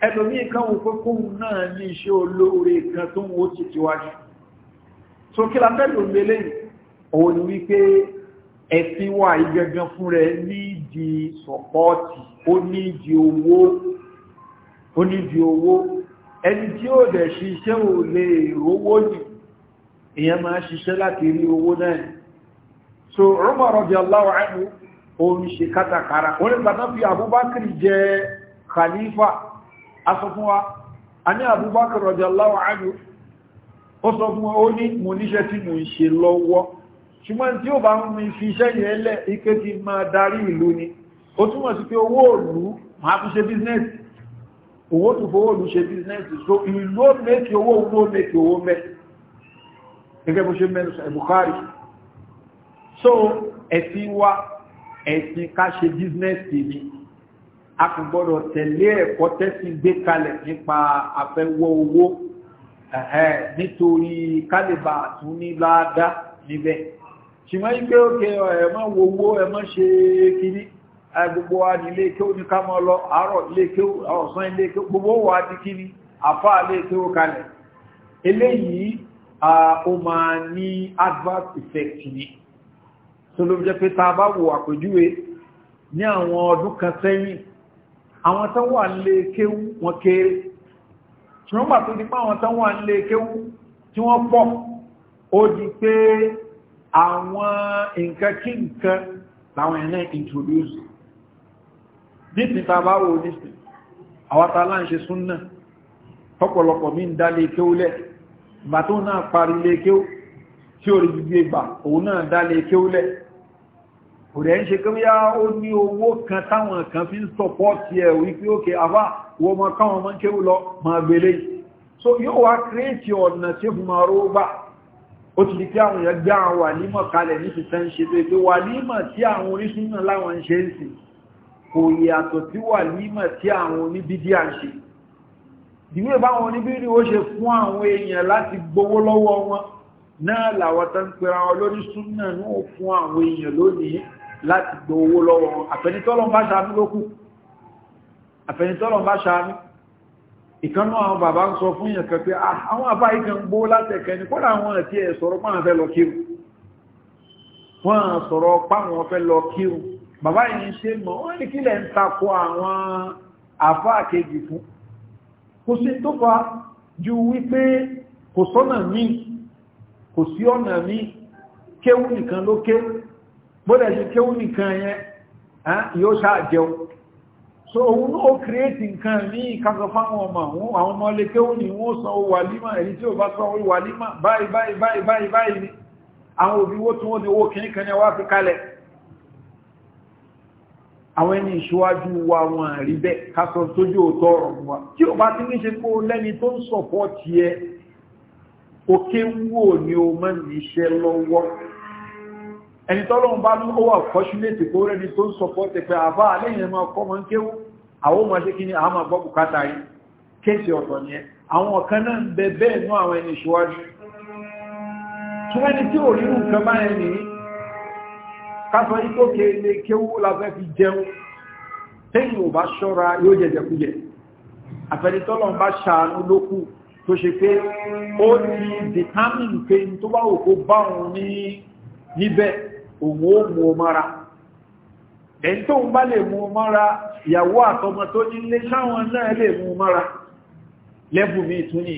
ẹlòmí kan wò pé kóhun náà ní iṣẹ́ olóore kan tó ń wó ti tíwájú so kí la fẹ́ lò lélẹ̀ òun ni wípé ẹ̀sìn wà ìgangan fún rẹ̀ ní nídi sọ̀pọ́ọ̀tì ó nídi owó ó nídi owó ẹni tí ó dẹ̀ ṣiṣẹ́ ò lè rówó ní èyàn máa ṣiṣẹ́ láti rí owó náà so Umar radiyallahu anhu òun ṣe kátàkárà wọ́n ní gbàtán fi Abubakar jẹ khalifa aṣọ fún wa a ní Abubakar radiyallahu anhu ó sọ fún wa ó ní ṣùgbọ́n tí ó bá ń mi fi iṣẹ́ yẹn lẹ̀ ike ti ma darí ìlú ni ó túnmọ̀ sí pé owó òlú máa tún ṣe bíznẹ́sì owó tó fowó òlú ṣe bíznẹ́sì so ìlú ó mẹ́kì owó owó mẹ́kì owó mẹ́ gẹ́gẹ́ bó ṣe mẹ́nu ẹ̀bùkárì so ẹ̀sìn wa ẹ̀sìn ká nítorí kálíbà tún ní láàdá níbẹ̀ ṣùgbọ́n ipé òkè ẹ̀mọ́ wowó ẹ̀mọ́ ṣe kiri gbogbo wa ní ilé kéwò ní ká mọ́ lọ àárọ̀ ilé kéwò ọ̀sán ilé kéwò gbogbo wa ti kiri àfá ilé kéwò kalẹ̀ eléyìí ó máa ní adverse effect ni tó ló jẹ́ pé ta bá wo àpèjúwe ní àwọn ọdún kan sẹ́yìn àwọn tán wà nílé kéwò wọn kéré ṣùgbọ́n pàtó ní pé àwọn tán wà nílé kéwò tí wọ́n pọ̀ ó di pé àwọn nǹkan kí nǹkan láwọn ẹ̀nà introduce dìtì tàbá wò nìsìn àwátà láǹṣe súnnà tọ́pọ̀lọpọ̀ mí ń dá lékẹ́ ó lẹ̀ ìgbà tó náà parí lékẹ́ ó tí ó rí gbígbé gbà òun náà dá lékẹ́ ó lẹ̀ kò rẹ̀ ń ṣe kí wíyá ó ní owó kan táwọn kan fi ń sọpọ́ọ̀tì ẹ̀ wípé ókè àfá wọ́n mọ káwọn mọ́ kéwú lọ máa gbélé so yóò wá kírètì ọ̀nà tí ó fi máa rówó gbà ó ti di pé àwọn èèyàn gbé àwọn wàlímọ̀ kalẹ̀ ní ti tẹ́ ń ṣe pé pé wàlímọ̀ tí àwọn orísun náà láwọn ń ṣe ń sìn kò yàtọ̀ sí wàlímọ̀ tí àwọn oníbídíà ń ṣe ìwé báwọn oníbídí ó ṣe fún àwọn èèyàn láti gbowó lọ́wọ́ wọn náà làwọn tó ń pera wọn lórí súnà ní ó fún àwọn èèyàn lónìí láti gbowó lọ́wọ́ wọn àfẹnitọ́lọ́ bá ṣàánú lókù àfẹnitọ́lọ́ bá ṣàánú ìkanú àwọn bàbá ń sọ fún ìyànkà ah, pé àwọn àbá ìkan gbó látẹ̀kẹ́ ní kódà àwọn àti ẹ̀ sọ̀rọ̀ páwọn fẹ́ lọ kírun wọ́n sọ̀rọ̀ páwọn fẹ́ lọ kírun bàbá yìí ṣe mọ̀ wọ́n ní kílẹ̀ ń takọ àwọn àfá àkejì fún kò sí tó fa ju wípé kò sọ́nà mí kò sí ọ̀nà mí kéwú nìkan lókè bódẹ̀ ṣe so òun ó kìrìtì nǹkan ní ìkàkọ fáwọn ọmọ àwọn àwọn ọmọ lékẹ́ ó ní wọ́n san owó wàlímà èyí tí ó bá san owó wàlímà báyìí báyìí báyìí báyìí báyìí ni àwọn òbí wó tún ó ní owó kìíní kan ní wá fi kalẹ̀ àwọn ẹni o wa wọn rí bẹ́ kásọ tójú òtọ́ ọ̀rọ̀ wa tí ó ní ṣe lọ́wọ́ ẹni tọ́lọ́run bá ní ó wà fọ́ṣúlẹ̀tì kó rẹ́ni tó ń sọpọ́tẹ̀ pé àbá àlẹ́yìn ẹmọ ọkọ́ mọ́ ń kéwú àwọn ọmọ ṣe kí ni àmà gbọ́ bùkátà yìí kéèsì ọ̀tọ̀ ni ẹ àwọn ọ̀kan náà ń bẹ bẹ́ẹ̀ nú àwọn ẹni ṣíwájú tún ẹni tí ò rírù nǹkan bá ẹni yìí kásọ yìí tó ṣàánú lókù tó ṣe pé ó ní determine pé tó bá òkú báwọn ní níbẹ̀ òun ó o mọ́ra ẹni tó ń bá lè mú mọ́ra ìyàwó àtọmọ tó ní ilé sáwọn náà lè mú mọ́ra lẹ́bù mi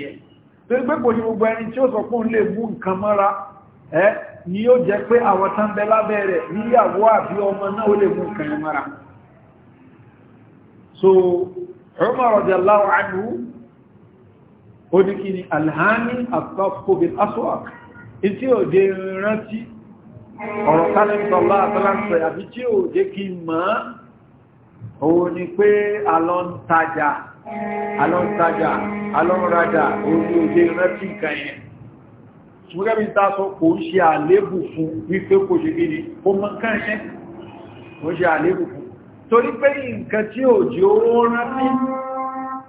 ẹni tí ó sọ fún lè mú nǹkan mọ́ra ẹ́ ni yóò jẹ́ pé àwọn tán bẹ níyàwó àbí ọmọ náà ó lè mú nǹkan mọ́ra so ọ̀rọ̀ sálẹ́mìtọ̀lá àtàlàǹtẹ̀ àbí tí ò jẹ́ kí mọ́ òun ni pé alọ́ntajà alọ́ntajà alọ́nrajà òun ni òjé rántí nǹkan yẹn ṣùgbẹ́bí ta sọ kò ń ṣe àlébù fún wípé kò ṣe gidi ó mọ́ nǹkan yẹn kò ń ṣe àlébù fún torí pé nǹkan tí ò jẹ́ owó rántí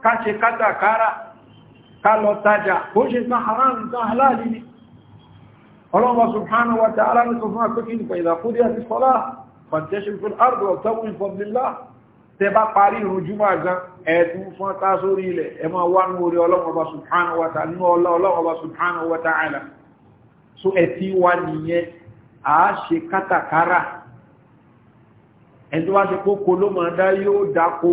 ká ṣe kátàkárà ká lọ tajà kò ṣe san haram san ọlọ́wọ́ subhanahu wa ta'ala ní sọfún àkókí nípa ìlàkúrí àti sọ́lá fàtíṣẹ́ fún àrùn ọ̀tọ́wù ìfọ̀bílá tẹ bá parí ìrun jùmọ̀ gan ẹ̀tún fún ọta sórí ilẹ̀ ẹ máa wá ní orí ọlọ́wọ́ subhanahu wa ta'ala nínú ọlọ́wọ́ subhanahu wa ta'ala so ẹ̀tí wa nìyẹn a ṣe kátàkárà ẹni tó bá ṣe kókó ló máa dá yóò dáko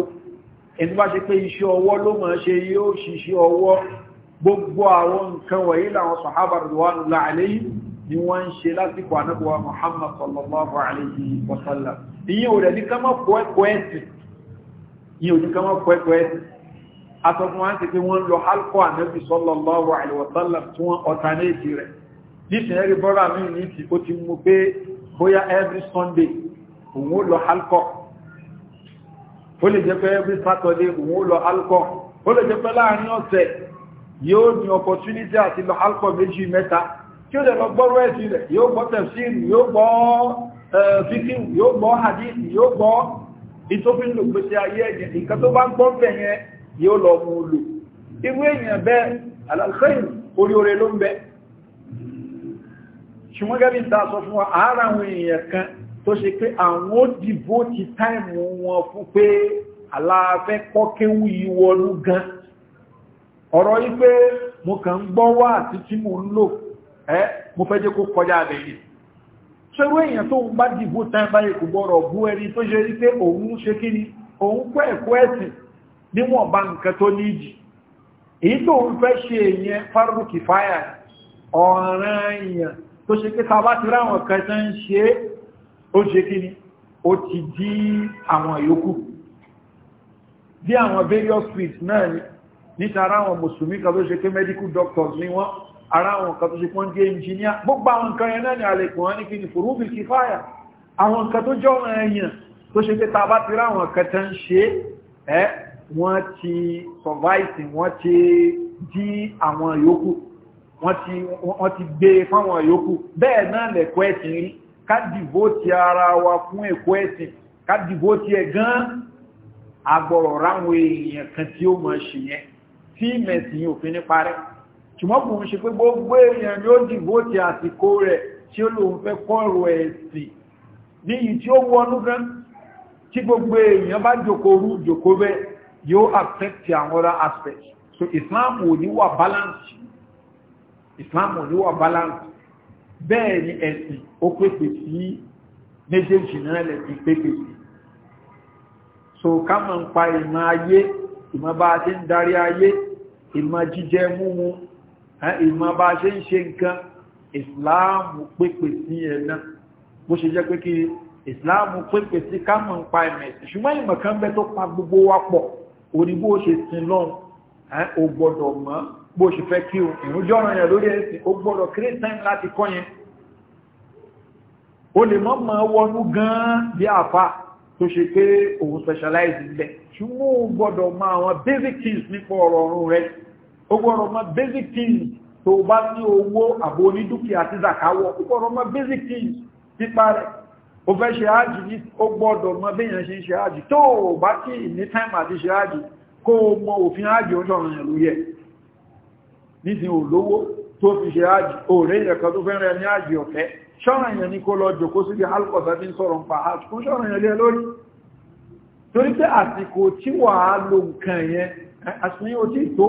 ẹni tó bá ṣe pé iṣẹ́ ọwọ́ ló máa ṣe yóò ṣiṣẹ́ ọwọ́ gbogbo àwọn nǹkan wọ̀nyí làwọn sàhábà rẹ̀ wà nù láàlẹ́ yìí ni wọ́n ń ṣe lásìkò ànábọ̀wà Muhammad sallallahu alayhi wa sallam ìyẹn ò rẹ̀ ní kánmọ́ pọ̀ ẹ̀sìn ìyẹn ò ní kánmọ́ pọ̀ ẹ̀sìn atọ́fún wá ń ti pé wọ́n lọ halkọ́ ànábì sallallahu alayhi wa sallam tí wọ́n ọ̀tánẹ́ẹ̀tì every Sunday òun ó lọ halkọ́ ó every Saturday òun ó lọ halkọ́ ó lè jẹ́ pé láàrin ọ̀sẹ̀ yóò ní opportunity tí ó lẹ́lọ gbọ́rọ̀ ẹ̀sì rẹ̀ yóò gbọ́ tẹ̀síìrì yóò gbọ́ fíkíù yóò gbọ́ hadithi yóò gbọ́ ìtófínlò gbèsè ayé ẹ̀yẹ̀ nǹkan tó bá ń gbọ́ bẹ̀ yẹn yóò lọ mú un lò irú èèyàn bẹ́ẹ̀ alalkhayr orí oore ló ń bẹ ṣùgbọ́n gẹ́bí ta sọ fún wa ara mo kàn ń gbọ́ àti tí mo ń lò ẹ́ mo fẹ́ jẹ́ kó kọjá àbẹ̀yẹ ṣerú èèyàn tó ń bá dìbò tán báyìí kò gbọ́rọ̀ bú ẹni tó ṣe rí pé òun ṣe kí ni òun kọ́ ẹ̀kọ́ ẹ̀sìn níwọ̀n bá nǹkan tó ní ìjì èyí tó ń fẹ́ ṣe èèyàn fárúkì fáyà ọ̀ràn èèyàn tó ṣe pé tàbá ti ráwọn bí àwọn various streets náà níta ráwọn mùsùlùmí kan tó ṣe pé medical doctors ni wọ́n ara àwọn nǹkan tó ṣe pọ́n jẹ́ ìjìníà gbogbo àwọn nǹkan yẹn ni àlèkùn wọn ní kí ni fòrúfì kí fáyà àwọn nǹkan tó jọ ọ̀rọ̀ ẹ̀yàn tó ṣe pé ta bá ti ráwọn nǹkan tán ṣe ẹ́ wọ́n ti survive wọ́n ti dí àwọn yòókù wọ́n ti gbé e fáwọn yòókù bẹ́ẹ̀ náà lẹ̀kọ́ ẹ̀sìn rí ká dìbò ti ara wa fún ẹ̀kọ́ ẹ̀sìn ká dìbò ti ẹ̀ gan agbọ̀rọ̀ ráwọn èèyàn kan tí ó mọ̀ ṣìyẹn tí mẹ̀sìn òfin ní parẹ́ ṣùgbọ́n kò ṣe pé gbogbo èèyàn ni ó dìbò ti àsìkò rẹ̀ tí ó lòun fẹ́ kọ́rọ̀ ẹ̀sìn ní yìí tí ó wọnú gan tí gbogbo èèyàn bá jòkóru jòkó bẹ́ yóò affect àwọn other aspects so Islam ò ní wà balance Islam ò ní wà balance bẹ́ẹ̀ ni ẹ̀sìn ó pèpè sí méjèèjì náà lẹ́sìn pèpè sí so ká mọ̀ ń pa ìmọ̀ ayé ìmọ̀ bá a ti ń darí ayé ìmọ̀ jíjẹ múmu ìmọ̀ bá ṣe ń ṣe nǹkan ìsìláàmù pépè sí ẹ̀nà bó ṣe jẹ́ pé kí ìsìláàmù pépè sí kámọ̀ ń pa ẹ̀mẹ̀ ṣùgbọ́n ìmọ̀ kan bẹ́ tó pa gbogbo wa pọ̀ orí bó ṣe sin lọ́n o gbọ́dọ̀ mọ̀ bó ṣe fẹ́ kí o ìrún jọ́ràn yẹn lórí ẹ̀sìn o gbọ́dọ̀ create time láti kọ́ yẹn o lè mọ́ mọ́ wọnú gan-an bí àfa tó ṣe pé òun specialize ilẹ̀ ṣùgbọ́n o gbọ́dọ̀ mọ̀ àwọn basic ó gbọ́rọ̀ mọ́ basic things tó bá ní owó àbò onídúkìá àti zakawọ́ ó gbọ́rọ̀ mọ́ basic things nípa rẹ̀ ó fẹ́ ṣe ájì ní ó gbọ́dọ̀ mọ́ béèyàn ṣe ń ṣe ájì tó bá kí ní time àti ṣe ájì kó o mọ òfin ájì ó ṣọ̀rọ̀ yẹn lórí ẹ̀ nísìn olówó tó fi ṣe ájì òòrè ò tí tó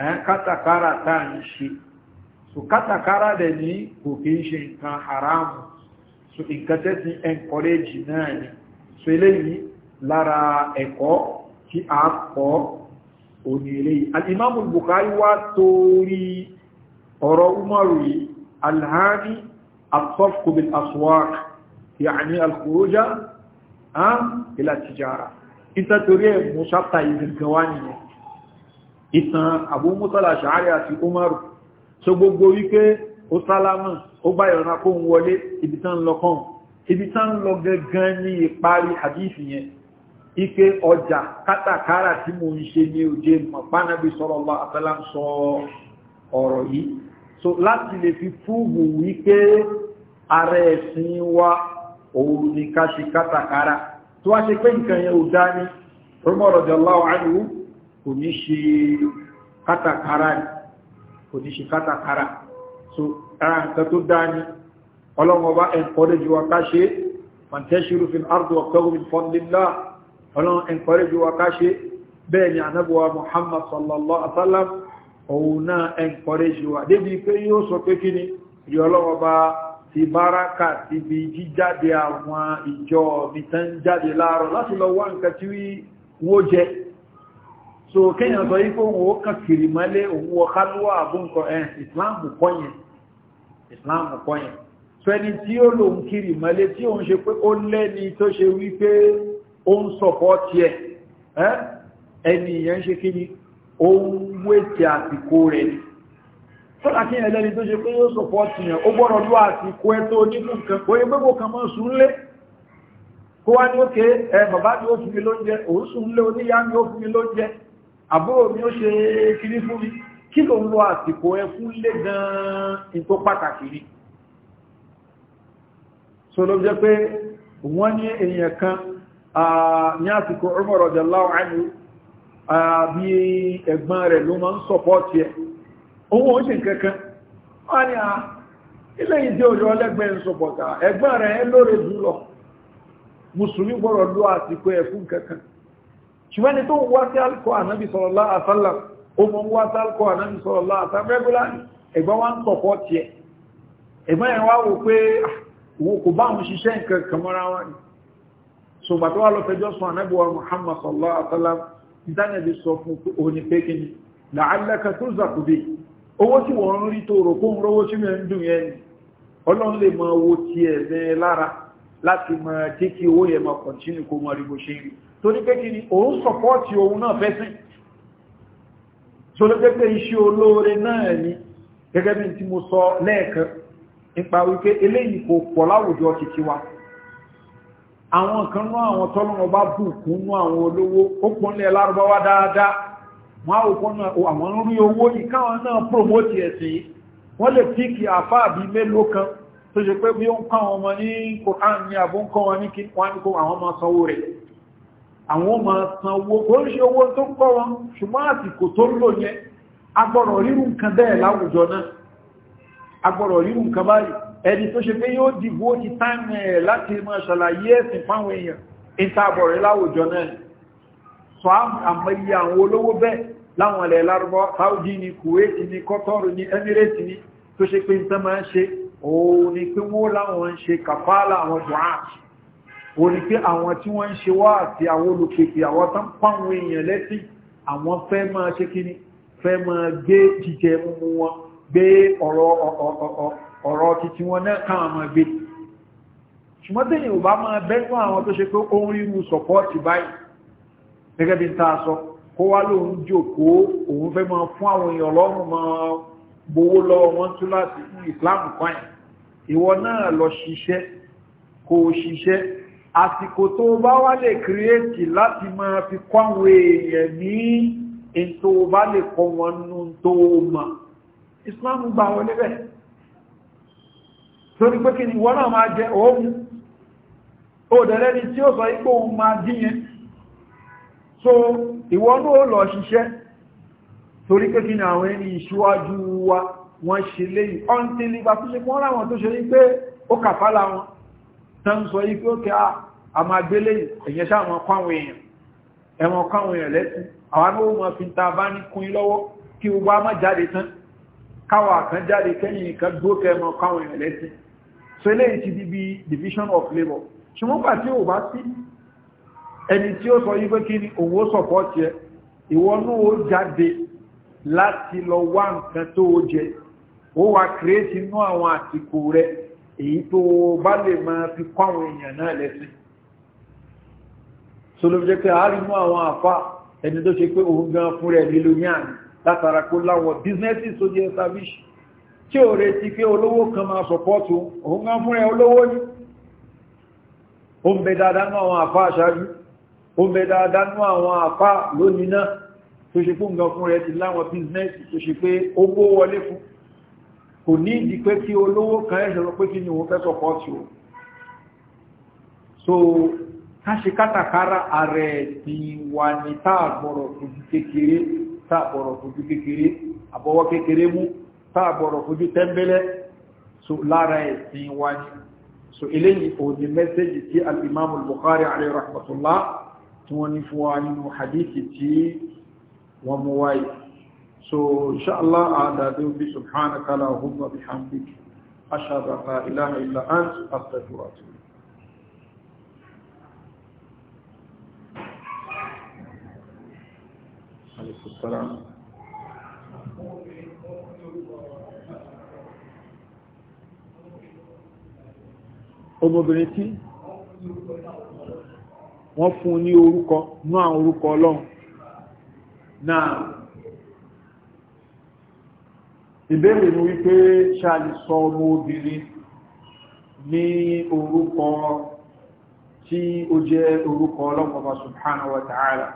kátàkárà tá à ń ṣe so kátàkárà dẹ̀ ní kò kí ń ṣe nǹkan haramu so nǹkan tẹ́sí encourage náà ni so eléyìí lára ẹ̀kọ́ tí a kọ́ òní eléyìí alimamu Bukhari wá torí ọ̀rọ̀ umaru yìí alhani asọ́fkù bil aswak yàní alkhuruja ila tijara ìtàtorí ẹ̀ musa ta ìgbìgbà wá ìtàn Abu Musa al-Ash'ari àti Umaru so gbogbo wípé ó sálámà ó bá ìrọ̀nà kó ń wọlé ibi tán lọ kàn ibi tán lọ gangan ní ìparí hadithi yẹn ike ọjà kátàkárà tí mo ń ṣe ní òjé mọ̀pánábí sallallahu alaihi wasallam sọ ọ̀rọ̀ yìí so láti lè fi fúùbù wípé ara ẹ̀sìn wa òun ni ká ṣe kátàkárà anhu kò ní ṣe kátàkárà kò ní ṣe kátàkárà so ara nǹkan tó dáa ni ọlọ́run ọba encourage wa ká ṣe fantashiru fil ardu wabtaghu min fadlillah ọlọ́run encourage wa ká ṣe bẹ́ẹ̀ ni anábọ̀wà muhammad sallallahu alaihi wasallam òun encourage wa débi pé yóò sọ pé kí ni ìrì ọlọ́run ọba ti báraka ti bi jíjáde àwọn ìjọ so kéèyàn sọ yìí pé òun ó kàn kiri mọ́lé òun wọ kálúwà àbúǹkọ ẹ̀ ìsìláàmù kọ́ yẹn ìsìláàmù kọ́ yẹn so ẹni tí ó lòun kiri mọ́lé tí òun ṣe pé ó lẹ́ni tó ṣe wí pé ó ń sọ̀pọ̀ tiẹ̀ ẹni ìyẹn ṣe kí ni ó ń wéte àsìkò rẹ̀ ni sọ́dà kí ẹlẹ́ni tó ṣe pé yóò sọ̀pọ̀ tiẹ̀ ó gbọ́dọ̀ lọ àsìkò ẹ tó onímù nǹkan kò yẹ pé kò kàn mọ́ sùn lé kó wá ní òkè ẹ bàbá mi ó fún mi lóúnjẹ òun sùn lé oníyá mi ó fún mi lóúnjẹ àbúrò mi ó ṣe kiri fún mi kí ló ń lọ àsìkò ẹ lé gan-an in tó pàtàkì rí so ló jẹ́ pé wọ́n ní èèyàn kan ní àsìkò bí rẹ̀ ló máa ń ohun kankan wọ́n ní a ilé ìdí òjò ọlẹ́gbẹ̀ẹ́ ń sọpọ̀tà ẹ̀gbọ́n rẹ̀ lóore jùlọ lọ àsìkò ṣùgbọ́n ni tó ń wá sí alkọ ànábì sọ̀rọ̀lá àtàlà ó mọ́ ń wá sí alkọ ànábì sọ̀rọ̀lá àtàrẹ́gúlá ẹ̀gbọ́n wá ń tọ̀pọ̀ tiẹ̀ ẹ̀gbọ́n yẹn wá wò pé òun ah, kò bá òun ṣiṣẹ́ nǹkan kan mọ́ra wọn ni ṣùgbà tó wá lọ fẹjọ́ sùn ànábì wa muhammad sọ̀rọ̀lá àtàlà ìdánilẹ̀ sọ fún òní pé kí ni làálẹ́kà tó zàkùbí owó tí wọ́n ń rí tó ọlọ́run lè mọ owó tiẹ̀ lára láti mọ jẹ́ kí owó yẹn mọ kọ̀ntínú kó mọ rí bó ṣe rí torí pé kìí òun sọpọ́tì òun náà fẹ́ sí torí iṣẹ́ olóore náà ni gẹ́gẹ́ bí tí mo sọ lẹ́ẹ̀kan nípa wípé eléyìí kò pọ̀ láwùjọ títí wa àwọn kan náà àwọn tọ́lọ́run bá bùkún nú àwọn olówó ó pọ́nlẹ̀ lárúbáwá dáadáa wọ́n á òkú náà àwọn rí owó ìkáwọn náà promote ẹ̀sìn wọ́n lè píkì àfáà bíi mélòó kan tó ṣe pé bí ó ń kọ́ àwọn ọmọ ní kòkán ní àbúkọ́ wọn ní kí wọ́n á kó àwọn ọmọ sanwó rẹ̀ àwọn ọmọ san owó kò ń ṣe owó tó kọ́ wọn ṣùgbọ́n àsìkò tó ń lò yẹn agbọ́rọ̀ rírù nǹkan bẹ́ẹ̀ láwùjọ náà agbọ́rọ̀ rírù nǹkan báyìí ẹni tó ṣe pé yóò dìbò ti táìmì ẹ̀ láti mọ́ ṣàlàyé ẹ̀sìn fáwọn èèyàn ni kuwait ni qatar ni emirates ni tó ṣe pé ni pé wọ́n láwọn ń ṣe ó ní pé àwọn tí wọ́n ń ṣe wá àti àwọn olùpèpè àwọn tán pàwọn èèyàn lẹ́sìn àwọn fẹ́ máa ṣe kí ni fẹ́ máa gbé jíjẹ múmú wọn gbé ọ̀rọ̀ títí wọn náà káwọn máa gbé ṣùgbọ́n tí yìí ò bá máa bẹ́gbọ́ àwọn tó ṣe pé ó ń ríru sọ̀pọ́ọ̀tì báyìí gẹ́gẹ́ ìwọ náà lọ ṣiṣẹ́ kó ṣiṣẹ́ àsìkò tó bá wá lè kírètì láti máa fi kọ́ àwọn èèyàn ní in bá lè kọ́ wọn nú tó mọ̀ islam gbà wọn níbẹ̀ torí pé kí ni wọ́n náà máa jẹ òun ó dẹ̀rẹ́ ni tí ó sọ ipò òun máa díyẹn so ìwọ náà lọ ṣiṣẹ́ torí pé kí ni àwọn ẹni ìṣíwájú wa wọ́n ṣe léyìn ọ́n bá tó ṣe mọ́ra wọn tó ṣe ní pé ó kàfálà wọn tán sọ yí pé ó kí a máa gbélé ẹ̀yẹ sáwọn kọ́wọ̀n èèyàn ẹ̀wọ̀n kọ́wọ̀n èèyàn lẹ́sìn àwọn agbóhùn máa fi ta bá ní kún in lọ́wọ́ kí gbogbo a jáde tán káwà kan jáde kẹ́yìn kan dó kẹ́mọ̀ kọ́wọ̀n èèyàn lẹ́sìn so eléyìí ti di bí division of labour ṣùgbọ́n pàtí ò bá sí ẹni tí ó sọ yí pé kí ni òun ó sọ̀pọ̀ tiẹ̀ ìwọ náà ó jáde láti lọ wá nǹkan tó o jẹ ó wà kírètì inú àwọn àsìkò rẹ̀ èyí tó bá lè máa fi kọ́ àwọn èèyàn náà lẹ́sìn so ló fi jẹ́ pé àárínú àwọn àfá ẹni tó ṣe pé òun gan fún rẹ̀ nílò ní àná látara kó láwọn bíznẹ́sì tó jẹ́ establish tí ò retí pé olówó kan máa sọpọ́tù òun gan fún rẹ̀ olówó ní ó ń bẹ dáadáa nú àwọn àfá aṣáájú ó ń bẹ dáadáa nú àwọn àfá lónìí náà tó ṣe pé gan fún rẹ̀ ti láwọn bíznẹ́sì tó ṣe pé ó gbó wọlé fún kò ní ìdí pé kí olówó kan ẹ̀ṣẹ̀ lọ pé kí ni wọ́n fẹ́ sọpọ̀ tí ó so káṣe kátàkárà ààrẹ ti wà ní táàbọ̀rọ̀ fojú kékeré táàbọ̀rọ̀ fojú kékeré àbọ̀wọ́ kékeré mú táàbọ̀rọ̀ fojú tẹ́mbẹ́lẹ́ so lára ẹ̀sìn wá ní so eléyìí ò ní mẹ́sẹ́jì tí al-imam al-bukhari alayhi rahmatullah tí wọ́n ní fún wa nínú hadithi tí wọ́n mú wáyé So, inshallah, uh, that will be subhanaka Allahumma bihamdik. Ashhadu an la ilaha illa ant, astaghfiruka Alaykum assalam. Ọmọbìnrin tí wọ́n fún ní orúkọ, náà orúkọ ọlọ́run ìbéèrè ni wípé ṣáàlì sọ ọmọ obìnrin ní orúkọ tí ó jẹ́ orúkọ ọlọ́pàá subhanahu wa ta'ala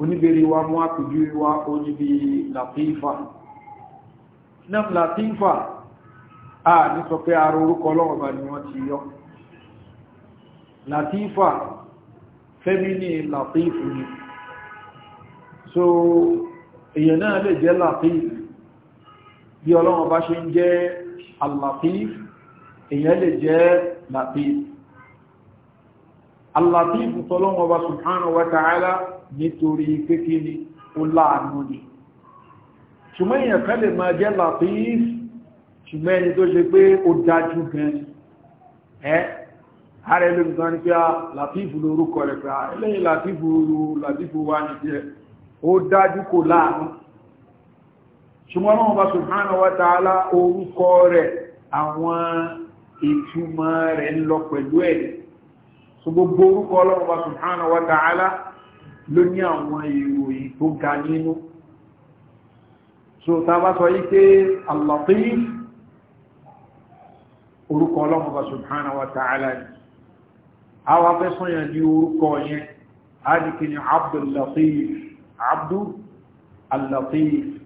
oníbèrè wa mú àpèjú wa ó níbi latifa náà latifa a ní sọ pé ara orúkọ ọlọ́pàá ni wọ́n ti yọ latifa fẹ́mínì latifu ni so èèyàn náà lè jẹ́ latifu bí ọlọ́run bá ṣe ń jẹ́ al-latif èyàn lè jẹ́ latif al-latif tọ́lọ́run ọba subhanahu wa ta'ala nítorí kékeré ó láàánú ni ṣùgbọ́n èyàn kan lè máa jẹ́ latif ṣùgbọ́n ẹni tó ṣe pé ó dájú gan ẹ́ ààrẹ ló gbọ́n ní pé a làtífù lórúkọ rẹ̀ pé a lẹ́yìn làtífù làtífù ní jẹ́ ó dájú kò láàánú ṣùgbọ́n náà bá subhanahu wa ta'ala orúkọ rẹ̀ àwọn ìtumọ̀ rẹ̀ ń lọ pẹ̀lú ẹ̀ so gbogbo orúkọ ọlọ́run bá subhanahu wa ta'ala ló ní àwọn ìròyìn tó ga nínú so ta Abdul Latif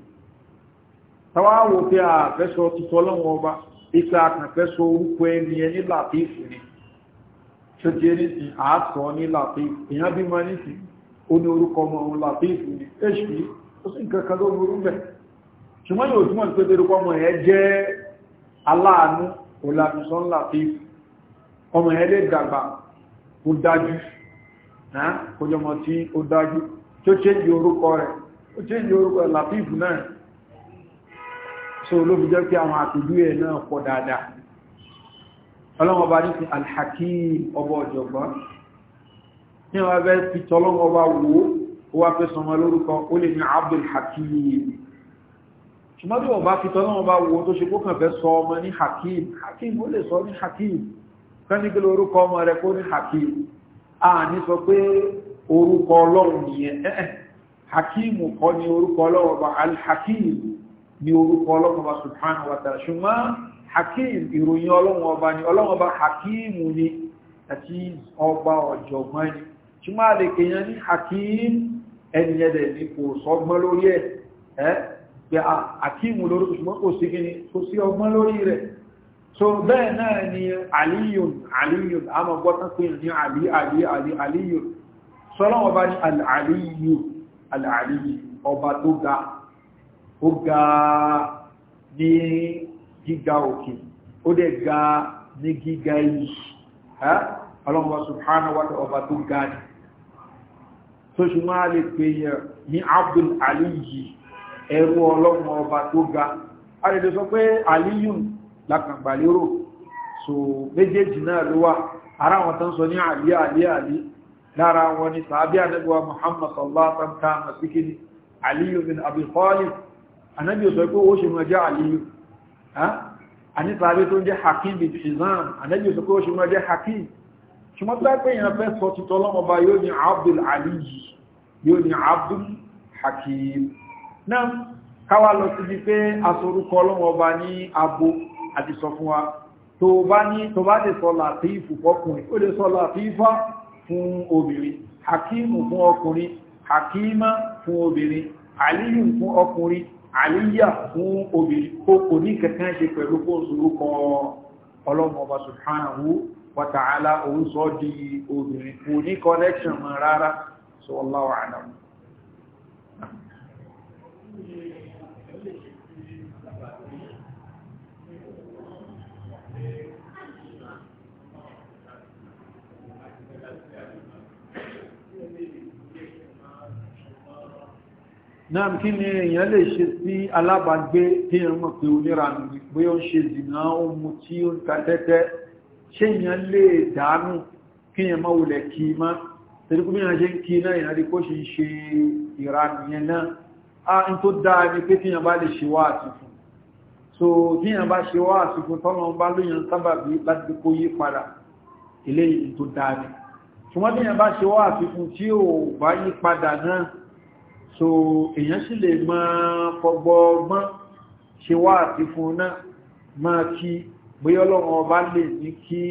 táwa wò pé àfẹ́sọ tuntun ọlọ́run ọba ìta àkànfẹ́sọ orúkọ ẹni ẹni làtífù ni tó jẹ́ nìsín àásọ ní làtífù èèyàn bí máa nìsín ó ní orúkọ ọmọ òun làtífù ni èṣù ó sì ń kankan ló burú bẹ̀ ṣùgbọ́n yóò túmọ̀ sí pé orúkọ ọmọ yẹn jẹ́ aláàánú òlàmìsàn làtífù ọmọ yẹn lè dàgbà ó dájú kójọmọ tí ó dájú tó ṣe ń di orúkọ rẹ̀ ó ṣe ń di orúkọ làtífù náà so olóbi jẹ́ pé àwọn àpèjú ẹ̀ náà pọ̀ dáadáa ọlọ́wọ́ bá ní ti alhakim ọba ọ̀jọ̀gbọ́n ní wọ́n bẹ́ fi tọ́lọ́wọ́ bá wo ó wá fẹ́ sọmọ lórúkọ ó lè ní abdul hakim ṣùgbọ́n bí wọ́n bá fi tọ́lọ́wọ́ bá wo tó ṣe kó kàn fẹ́ sọ ọmọ ní hakim hakim ó lè sọ ní hakim kánigé lórúkọ orúkọ ọlọ́run nìyẹn hakim kọ́ ni orúkọ ọlọ́run ọba alhakim ní orúkọ ọlọ́run ọba subhanahu wa ta'ala ṣùgbọ́n hakim ìròyìn ọlọ́run ọba ni ọlọ́run ọba hakim ni àti ọba ọ̀jọ̀gbọ́n ni ṣùgbọ́n a lè kéèyàn ní hakim ẹni ẹ̀dẹ̀ ni kò sọgbọ́n lórí ẹ̀ ẹ́ pé hakim lórí ṣùgbọ́n kò sí kíni kò sí ọgbọ́n lórí rẹ̀ so bẹ́ẹ̀ náà ni aliyun aliyun a mọ̀ gbọ́tán pé ní ali ali ali aliyun sọlọ́run ọba ni al-aliyu al-aliyu ọba tó ga ó ga ní gíga òkè ó dẹ̀ ga ní gíga yìí ọlọ́mọ subhanahu wa ta'ala ọba tó ga ní tó ṣùgbọ́n a lè pè yẹ ní abdul aliyu ẹrú ọlọ́mọ ọba tó ga a lè sọ pé aliyu lákàgbàlérò so méjèèjì náà ló wà ara wọn tán sọ ní àlíyà àlíyà àlí lára wọn ni sàábíà nígbà muhammad sallallahu alaihi wa sallam kàmà síkìní aliyu bin abu talib anábí ò sọ pé ó ṣe mọ́já àlíyù àníṣàbí tó ń jẹ́ hakim bí ṣìzán anábí ò sọ pé ó ṣe mọ́já hakim ṣùgbọ́n tó pé èèyàn fẹ́ sọ títọ́ lọ́mọba yóò ní abdul aliyu yóò ní abdul hakim náà káwà lọ sí bí pé asorúkọ lọ́mọba ní abo àti sọ fún wa tó bá ní tó bá lè sọ làtífù fọkùnrin ó lè sọ làtífà fún obìnrin hakimu fún ọkùnrin hakima fún obìnrin aliyu fún ọkùnrin àríyà fún obìnrin kó kò ní kankan ṣe pẹ̀lú kó sorúkọ ọlọ́mọba subhanahu wa ta'ala òun sọ di obìnrin kò ní connection rárá sọ wallahu náà kí ni èèyàn lè ṣe sí alábàágbé tí èèyàn mọ̀ pé oníranù ní pé ó ń ṣe zìnà ohun tí ó ń ta tẹ́tẹ́ ṣé èèyàn lè dánú kí èèyàn wulẹ̀ kí má tẹ́lú kúmí ń kí náà èèyàn kó ṣe ń ṣe ìranù a ń ni pé tí èèyàn bá so tí èèyàn bá ṣe wá àtìfún tọ́lọ́ bá lóyún sábàbí láti kó yí padà eléyìí tó dáa ni ṣùgbọ́n tí so èyàn sì lè máa fọgbọ́gbọ́n ṣe wá àti fún náà máa kí gbéyọ́lọ́wọ́ ọba lè ní kí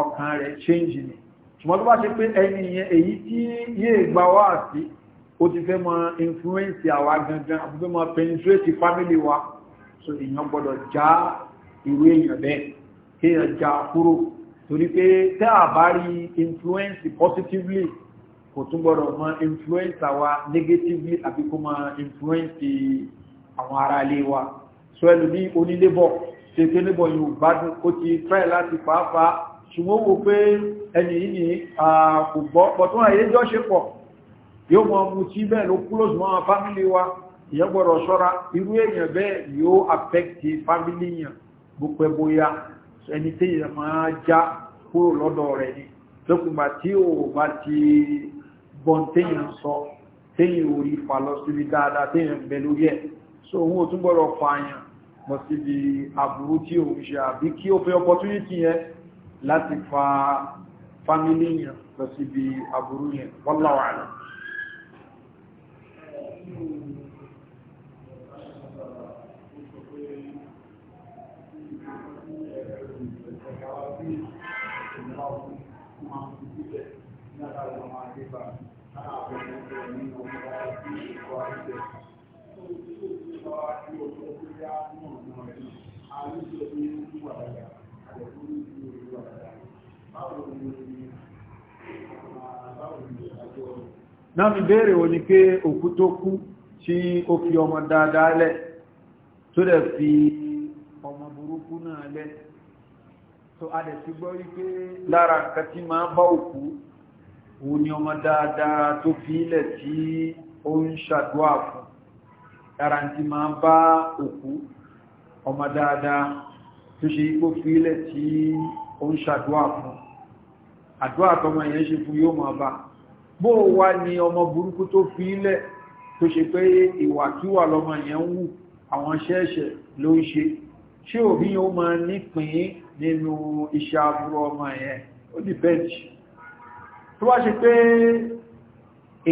ọkàn rẹ̀ change ni ṣùgbọ́n tó bá ṣe pé ẹni yẹn èyí tí yíè gba wá àti ó ti fẹ́ máa influence àwa gangan àbí fẹ́ máa penetrate family wa so èyàn gbọ́dọ̀ já ìwé èyàn bẹ́ẹ̀ kéèyàn já kúrò torí pé tẹ́ àbárí influence positively kò tún gbọ́dọ̀ mọ influence wa negatively àbí kó mọ influence àwọn ará ilé wa so ẹlòmí onílé bọ̀ tètè níbọ̀ yóò gbádùn ó ti try láti pàápàá ṣùgbọ́n wo pé ẹni yìí ni kò gbọ́ pọ̀tún àyè jọ́ ṣe pọ̀ yóò mọ ọmọ tí bẹ́ẹ̀ ló close mọ́ family wa ìyẹn gbọ́dọ̀ ṣọ́ra irú èèyàn bẹ́ẹ̀ yóò affect family yàn gbogbo bóyá ẹni tí èèyàn máa já kúrò lọ́dọ̀ rẹ̀ ni lókùnbà tí ò bá ti gbọ́n téèyàn sọ téèyàn orí fà lọ síbi dáadáa téèyàn bẹ lórí ẹ̀ so òun ò tún gbọ́dọ̀ pààyàn lọ síbi àbúrú tí òun ṣe àbí kí ó fẹ́ opportunity yẹn láti fa family yẹn lọ síbi àbúrú yẹn wallahu Thank you náà mi béèrè wo ni pé òkú tó kú tí ó fi ọmọ dáadáa lẹ̀ tó dẹ̀ fi ọmọ burúkú náà lẹ̀ tó a dẹ̀ ti gbọ́ wípé lára nǹkan máa bá òkú òun ni ọmọ dáadáa tó fi ilẹ̀ tí ó ń ṣàdúwà fún dára tí máa bá òkú ọmọ dáadáa tó ṣe ipò fi ilẹ̀ tí ó ń ṣàdúwà fún àdúwà tọmọ yẹn ṣe fún yóò máa bá bó wá ni ọmọ burúkú tó fi ilẹ̀ tó ṣe pé ìwàkíwà lọmọ yẹn ń wù àwọn ṣẹ́ẹ̀ṣẹ̀ ló ń ṣe ṣé òbí yóò máa nípìn nínú iṣẹ́ aburú ọmọ yẹn ó dìbẹ́ẹ̀tì tó wá ṣe pé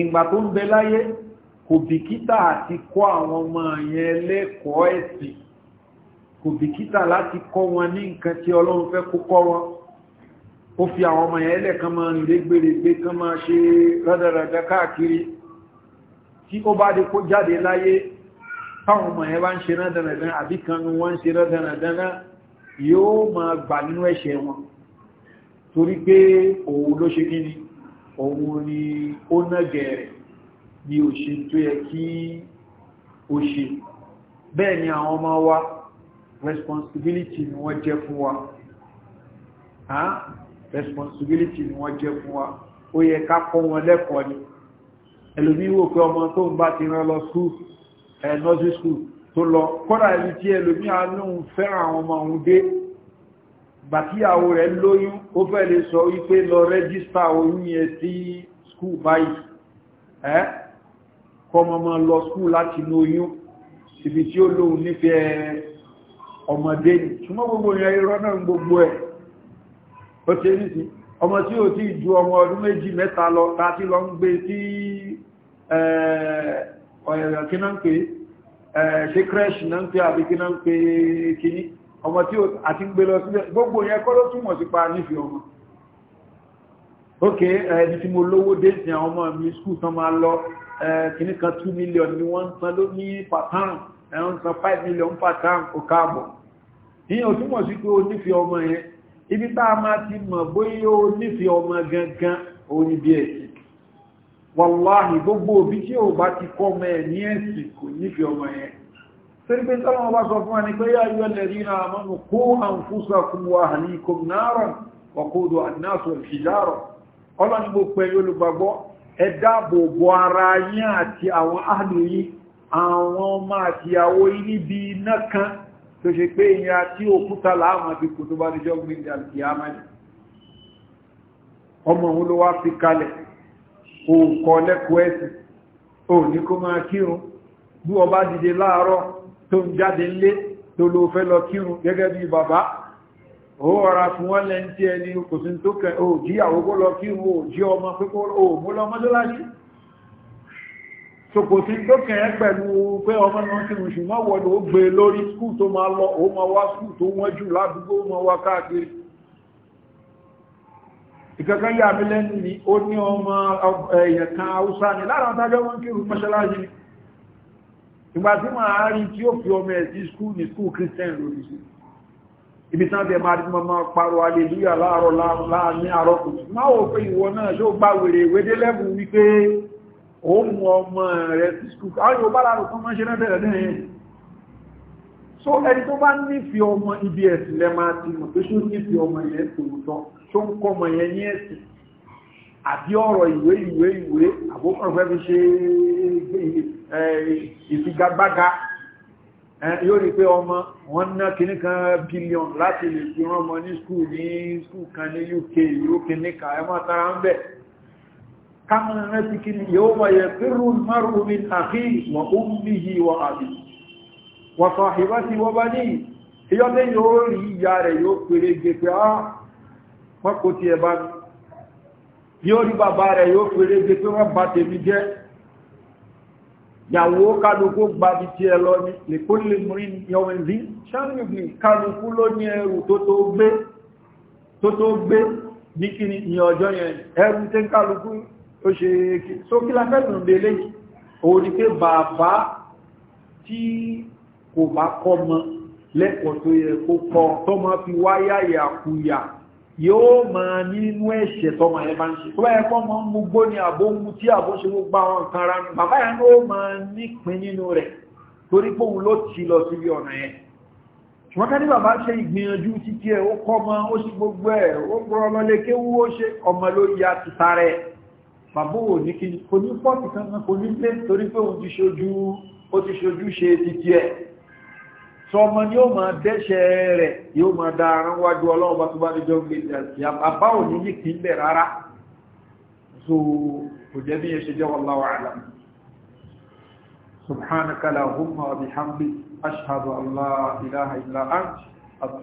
ìgbà tó ń bẹ láyé kò bìkítà àti kọ́ àwọn ọmọ yẹn lẹ́kọ̀ọ́ ẹ̀sìn kò bìkítà láti kọ́ wọn ní nǹkan tí ọlọ́run fẹ́ kó kọ́ wọn ó fi àwọn ọmọ yẹn lẹ́kan máa rìn légbèrègbè kan máa ṣe rádaràdà káàkiri tí ó bá dé kó jáde láyé táwọn ọmọ yẹn bá ń ṣe rádaràdà àbí kan nu ń ṣe rádaràdà yóò máa gbà nínú ẹ̀ṣẹ̀ wọn torí pé òun ló ṣe kíni òun ni ó nágẹ̀ẹ́rẹ̀ bí ó ṣe tó yẹ kí ó ṣe bẹ́ẹ̀ ni àwọn ọmọ wa responsibility ni wọ́n jẹ́ fún wa responsibility ni wọ́n jẹ́ fún wa ó yẹ ká kọ́ wọn lẹ́kọ̀ọ́ ni ẹlòmí wò pé ọmọ tó ń bá ti rán lọ school eh, nursery school tó lọ kọ́dà ibi tí ẹlòmí àánú fẹ́ràn àwọn ọmọ òun dé gbàtíyàwó rẹ̀ lóyún ó fẹ́ lè sọ wípé lọ rẹ́gísítà oyún yẹn sí skúù báyìí ẹ́ kọmọmọ lọ skúù láti ní oyún ibi tí ó lóhun nífẹ̀ẹ́ ọmọdé ni ṣùgbọ́n gbogbo ìyẹn irọ́ náà gbogbo ẹ̀ ó ti ní sí ọmọ tí ó ti ju ọmọ ọdún méjì mẹ́ta lọ láti lọ ń gbé sí ọ̀yẹ̀rẹ̀ kí náà ń pè ṣe crèche náà ń pè àbí kí náà ń pè kíní ọmọ tí a ti ń gbé lọ sílẹ̀ gbogbo yẹn kọ́ ló túnmọ̀ sí pa nífi ọmọ ókè ẹni tí mo lówó dé sí àwọn ọmọ mi skúù tán máa lọ kìíní kan 2 million ni wọ́n ń san ló ní pàtán ẹ̀wọ̀n san 5 million pàtán kò káàbọ̀ ìyẹn ò túnmọ̀ sí pé o nífi ọmọ yẹn ibi tá a máa ti mọ̀ bóyá o nífi ọmọ gangan òun ni bí ẹ̀sìn wàláhì gbogbo òbí tí ò bá ti kọ́ ọmọ ẹ̀ ní ẹ̀sìn kò nífi ọmọ yẹn torí pé tọ́lọ́wọ́ bá sọ fún wa ní pé yá yọ lẹ́rí na mọ́nu kó àǹfúsà kún wa àníkùn náírà ọkọ̀dọ̀ àdínáṣọ ìṣìláàrọ̀ ọlọ́ni mo pẹ̀ olùgbàgbọ́ ẹ dáàbò bo ara yín àti àwọn àlò yín àwọn ọmọ àti àwọ yín níbi iná kan tó ṣe pé ìyá tí òkúta láàmà fi kò tó bá ní jọ́ gbé àti àmàlì ọmọ òun ló wá fi kalẹ̀ òun kọ lẹ́kọ̀ọ́ ẹ̀sìn òun ní kó máa kírun bí ọba dìde láàárọ̀ tó ń jáde lé tó ló fẹ́ lọ kírun gẹ́gẹ́ bí bàbá ó ọ̀rá fún wọ́n lẹ́n tí ẹni kò sí tó kẹ ó jí àwọ́gbó lọ kírun ó jí ọmọ pípọ́ ó mú lọ mọ́sálásí so kò sí tó kẹ ẹ pẹ̀lú pé ọmọ náà kírun ṣùgbọ́n wọ́n ló gbé e lórí skul tó máa lọ ó máa wá skul tó wọ́n jù ládùúgbò ó máa wá káàkiri ìkankan yà mí lẹ́nu ni ó ní ọmọ ẹ̀yẹ̀ kan haúsá ni lára àtàjọ́ wọn kírun mọ́sálásí ni ìgbà tí máa rí tí ó fi ọmọ ẹ̀ sí skúl ní skúl christian lórí sí ibi tán tẹ máa dínkù máa parọ aleluya láàárọ̀ láàárín àárọ̀ kùtù máa wò pé ìwọ náà ṣó gbá wèrè ìwédé lẹ́bù wípé ó mú ọmọ rẹ̀ sí skúl àwọn yóò bá láàrùn kan máa ṣe náà tẹ̀lẹ̀ náà yẹn so ẹni tó àbí ọ̀rọ̀ ìwé ìwé ìwé àbókọ̀fẹ́ fi ṣe ìfigagbága yóò rí pé ọmọ wọn ná kìíní kan billion láti lè fi rán ọmọ ní skúù ní skúù kan ní UK yóò kìíní ka ẹmọ́ tara ń bẹ̀ kámọ́ rántí kìíní yóò wáyé pírù márùn-ún min àfí yóò rí bàbá rẹ̀ yóò fèrè gbé pé wọ́n bá tèmi jẹ́ yàwó kálukú gbàbí tí ẹ lọ ní lèkólè múrí yọwọ́n rí ṣáàrùn kálukú ló ní ẹrù tó tó gbé ní kíni ní ọjọ́ yẹn ẹrù tí kálukú ó ṣe kí so kí la fẹ́lù lélé yóò máa nínú ẹ̀ṣẹ̀ tọmọ ẹ̀ bá ń ṣe tó ẹ̀kọ́ mọ́ mú gbó ní àbó mú tí àbó ṣe gbogbo àwọn nǹkan ra bàbá yà ló máa nípin nínú rẹ̀ torí pé òun ló ti lọ síbi ọ̀nà ẹ̀ ṣùgbọ́n ká ní bàbá ṣe ìgbìyànjú títí ẹ̀ ó kọ́ mọ́ ó ṣe gbogbo ẹ̀ ó gbọ́rọ̀ lọlé ya ti sáré bàbá ò ní kí kò ní pọ́ọ̀tì kan kò ní lé torí pé sọmọ ni ó máa dẹ́ṣẹ̀ rẹ̀ yóò máa da aran wájú ọlọ́run bá tó bá níjọ́ gbé ìdàkì àbá ò ní yìí kìí bẹ̀ rárá so kò jẹ́ bí ẹṣẹ́ jẹ́ wallahu subhanaka lahumma bihamdi ashhadu an ilaha illa ant